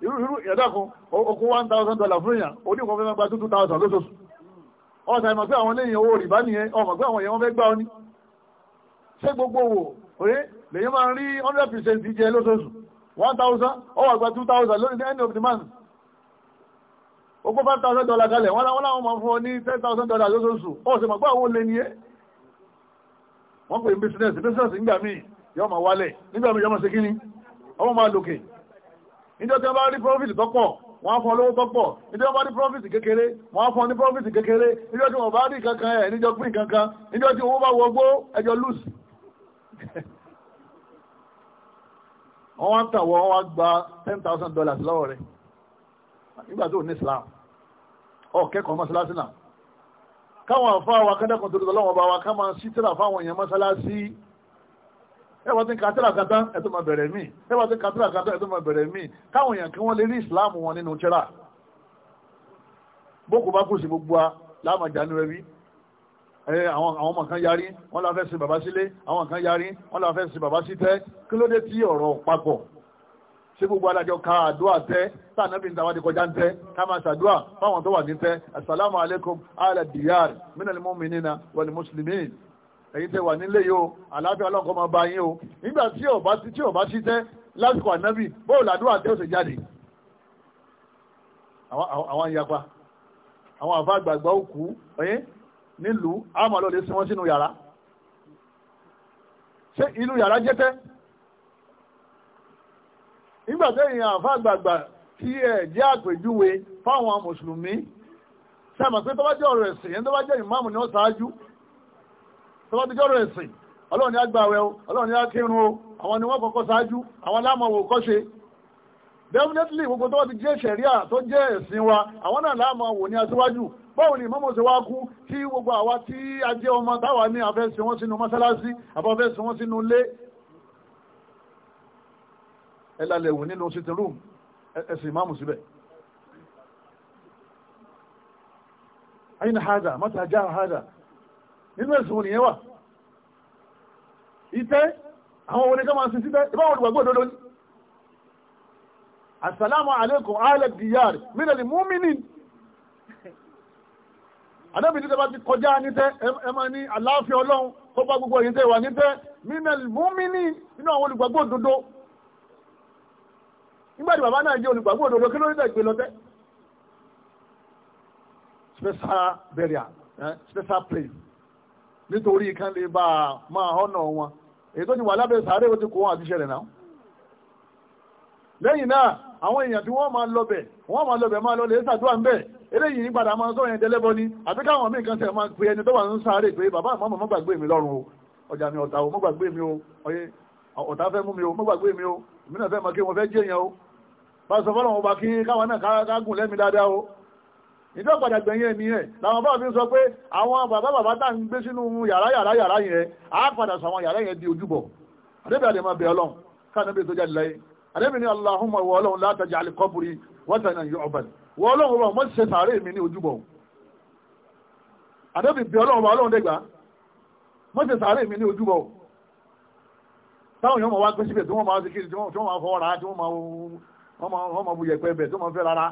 irú irú ẹ̀dọ́kun okun one thousand dollar fún èèyàn ó ní ìwọ̀n fẹ́ gba two thousand lóṣooṣù ọ̀sán ìmọ̀ pé àwọn eléyìn owó rìbá nìyẹn ọmọ pé àwọn èèyàn wọn fẹ́ gbá ọ ní ṣé gbogbo owó òye lèyìn máa ń rí hundred percent jẹ lóṣooṣù one thousand ó wà gba two thousand lórí end of the month ogún five thousand dollar kalẹ̀ wọ́n láwọn láwọn máa fún ọ ní ten thousand dollar lóṣooṣù ọ̀sán ìmọ̀ pé àwọn olè nìyẹn wọ́n pè business business ń gbà míì yọ́ ma wálẹ̀ nígbà mi yọ́ ma ṣe kí ni ọmọ ma lòkè níjọ́ tí wọ́n bá rí profit tọ́pọ̀ wọ́n á fún olówó tọ́pọ̀ níjọ́ bá rí profit kékeré wọ́n á fún ní profit kékeré níjọ́ tí wọ́n bá rí kankan ẹ̀ níjọ́ pín kankan níjọ́ tí owó bá wọgbó ẹjọ́ lose [LAUGHS] wọ́n wá ń tàwọ̀ wọ́n wá gba ten thousand dollars lọ́wọ́ rẹ̀ nígbà tó ní Islam ọ̀kẹ́kọ̀ọ́ mọ́sálásí náà káwọn àfáà wa kádàkùn tó lọ́wọ́ bá wa ká máa sítìrà fáwọn èèyàn mọ́sálásí ẹwà tí ń ka tíra kata ẹ̀tọ́ máa bẹ̀rẹ̀ mí ẹwà tí ń ka tíra kata ẹ̀tọ́ máa bẹ̀rẹ̀ mí káwọn èèyàn kí wọ́n lè rí ìsìláàmù wọn nínú tíra bókù bá kù sí gbogbo a láàmàjà ní ẹbí àwọn ọmọ kan yarí wọ́n la fẹ́ sin bàbá sílé àwọn kan yarí wọ́n la fẹ́ sin bàbá sí tẹ́ kí ló dé tí ọ̀rọ̀ papọ̀ ṣé gbogbo adájọ́ ka àdúrà tẹ́ sáànàbí ìdáwà ti kọjá ń tẹ́ ká máa ṣàdúrà fáwọn tó wà ní tẹ́ assalamu alaikum ala diyar minal mu'minina wal muslimin ẹ̀yin tẹ wà nílé yìí o àlàáfíà ọlọ́kọ̀ máa bá yín o nígbà tí ò bá tí ò bá ṣiṣẹ́ lásìkò ànábì bóò làdúrà tẹ́ ò sì jáde àwọn ìyapa àwọn àfa àgbààgbà òkú ẹ̀yìn nílùú àmọ́ lọ́ọ́ lè sin wọ́n sínú yàrá ṣé inú yàrá jẹ́tẹ́ nígbà tẹ́yìn àfa àgbààgbà tí ẹ̀ jẹ́ àpèjúwe fáwọn mùsùlùmí sẹ́mọ̀ pé tó bá jẹ́ ọ̀rọ̀ ìmáàmù ni ó ṣáájú tọ́wọ́ ti jọ́rọ̀ ẹ̀sìn ọlọ́run ni agbàwẹ̀ o ọlọ́run ni akírun o àwọn ni wọ́n kọ́kọ́ ṣáájú àwọn lámọ̀wò kọ́ṣe definitely gbogbo tọ́wọ́ ti jẹ́ ṣẹ̀ríà tó jẹ́ ẹ̀sìn wa àwọn náà lámọ̀wò ní aṣíwájú báwo ni mọ́mọ́ ṣe wá kú kí gbogbo àwa tí a jẹ́ ọmọ táwa ní afẹ́sìn wọn sínú mọ́sálásí àbọ̀fẹ́sìn nínú ẹ̀sùn òní ẹwà ìtẹ́ àwọn oníkà máa sin síbẹ̀ ìbáwọn olùgbàgbọ́ òdodo ní assalamu alaikum alẹ́ diyar mílẹ̀lì múmínì adẹ́bì títẹ́ bá ti kọjá nítẹ́ ẹ ní aláàfin ọlọ́run tó bá gbogbo special burial eh, special place nítorí kan lè bá a máa ọ̀nà wọn èyí tó ti wà lábẹ́ sàárẹ̀ ó ti kó wọn àti ṣẹlẹ̀ náà lẹ́yìn náà àwọn èèyàn tí wọ́n máa lọ́bẹ̀ wọ́n máa lọ́bẹ̀ máa lọ́lẹ̀ ṣàdúrà ń bẹ̀ eléyìí ní padà máa sọ́yìn ẹ̀dẹ́lẹ́bọ ni àbí káwọn míì kan sẹ̀ máa pe ẹni tó wà ń sáré pé bàbá àmọ́ mọ́ gbàgbé mi lọ́rùn o ọjà mi ọ̀tá o mọ́ gbàgbé mi o ọyẹ ọ̀tá fẹ́ mú mi o mọ́ gbàgbé mi o èmi náà fẹ́ mọ kí wọ́n fẹ́ jẹ́ yẹn o bá sọ fọ́lọ́ bá kí káwọn náà kágùn lẹ́mi dáadáa o ìjọ padà gbẹ̀yìn ẹ̀mí ẹ̀ làwọn bá fi sọ pé àwọn bàbá bàbá tá ń gbé sínú yàrá yàrá yàrá yẹn á padà sọ àwọn yàrá yẹn di ojúbọ àdébì àdèmọ bẹ ọlọ́run káàdébì tó jáde láyé àdébì ní aláhùnmọ ìwọ ọlọ́run látàjà àlìkọbùrì wọtànà yọ ọbẹ wọ ọlọ́run wọn mọ ṣe sàárè mi ní ojúbọ àdébì bẹ ọlọ́run wọn ọlọ́run dẹgbà mọ ṣe sàárè mi ní ojúbọ táwọn yóò mọ wá pé síbẹ̀ tí wọ́n máa ṣe kiri tí wọ́n máa fọwọ́ ra tí wọ́n máa bu yẹ̀pẹ̀ bẹ̀ tí wọ́n máa fẹ́ rárá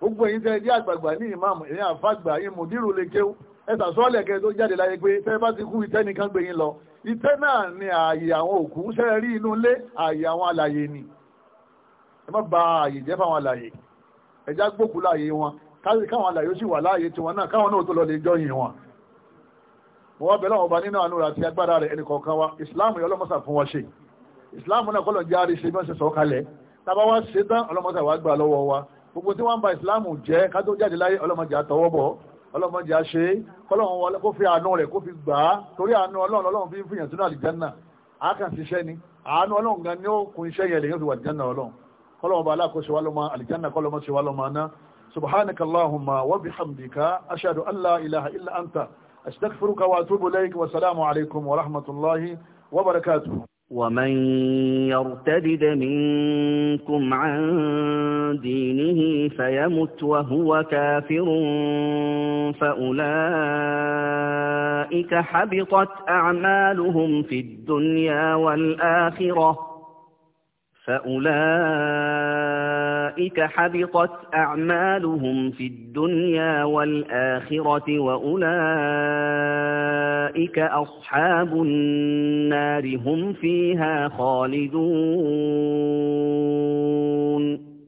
gbogbo ẹ̀yin tẹ́ jẹ́ àgbààgbà ní ìmáàmù ẹ̀yin àfàgbà ẹ̀yin mùdírù lè kéwú ẹ̀sà sọ́ọ̀lẹ̀ kẹ́ tó jáde láyé pé tẹ́ bá ti kú ìtẹ́ nìkan gbé yín lọ ìtẹ́ náà ni ààyè àwọn òkú ṣe rí inú ilé ààyè àwọn alàyè ni ẹ má bà ààyè jẹ́ fáwọn alàyè ẹ̀já gbókù láàyè wọn káwọn alàyè ó sì wà láàyè tiwọn náà káwọn náà tó lọ lè jọyìn wọn mo wá bẹ̀rẹ̀ àwọn ọba nínú àánú àti agbára rẹ̀ ẹnì kọ̀ọ̀kan wa ìsìláàmù yọ lọ́mọ́sà fún wọn ṣe ìsìláàmù náà kọ́lọ̀ járe ṣe bí wọ́n ṣe sọ kalẹ̀ tábà wá ṣe ọlọ́mọ́sà wá gbà lọ́wọ́ wa gbogbo tí wọ́n ń ba ìsìláàmù jẹ́ ká tó jáde láyé ọlọ́mọdé àtọwọ́ bọ̀ ọlọ́mọdé àṣe kọ́lọ́run kó fi àánú rẹ̀ kó fi gbà á torí àánú ọlọ́run ọlọ́run fi ń fìyàn sínú àlìjánà àákàn ṣiṣẹ́ ni àánú ọlọ́run gan ni ó kun iṣẹ́ yẹn lèyìn fi wà àlìjánà ọlọ́run kọ́lọ́run ọba aláàkóso wa lọ́mọ àlìjánà kọ́lọ́mọ ṣe wa lọ́mọ aná subhanaka allahumma wa bihamdika ashhadu an la ilaha illa anta astaghfiruka wa atubu ilayk wa salaamu alaykum wa rahmatullahi wa barakatuh ومن يرتدد منكم عن دينه فيمت وهو كافر فأولئك حبطت أعمالهم في الدنيا والآخرة فأولئك حبطت أعمالهم في الدنيا والآخرة وأولئك أصحاب النار هم فيها خالدون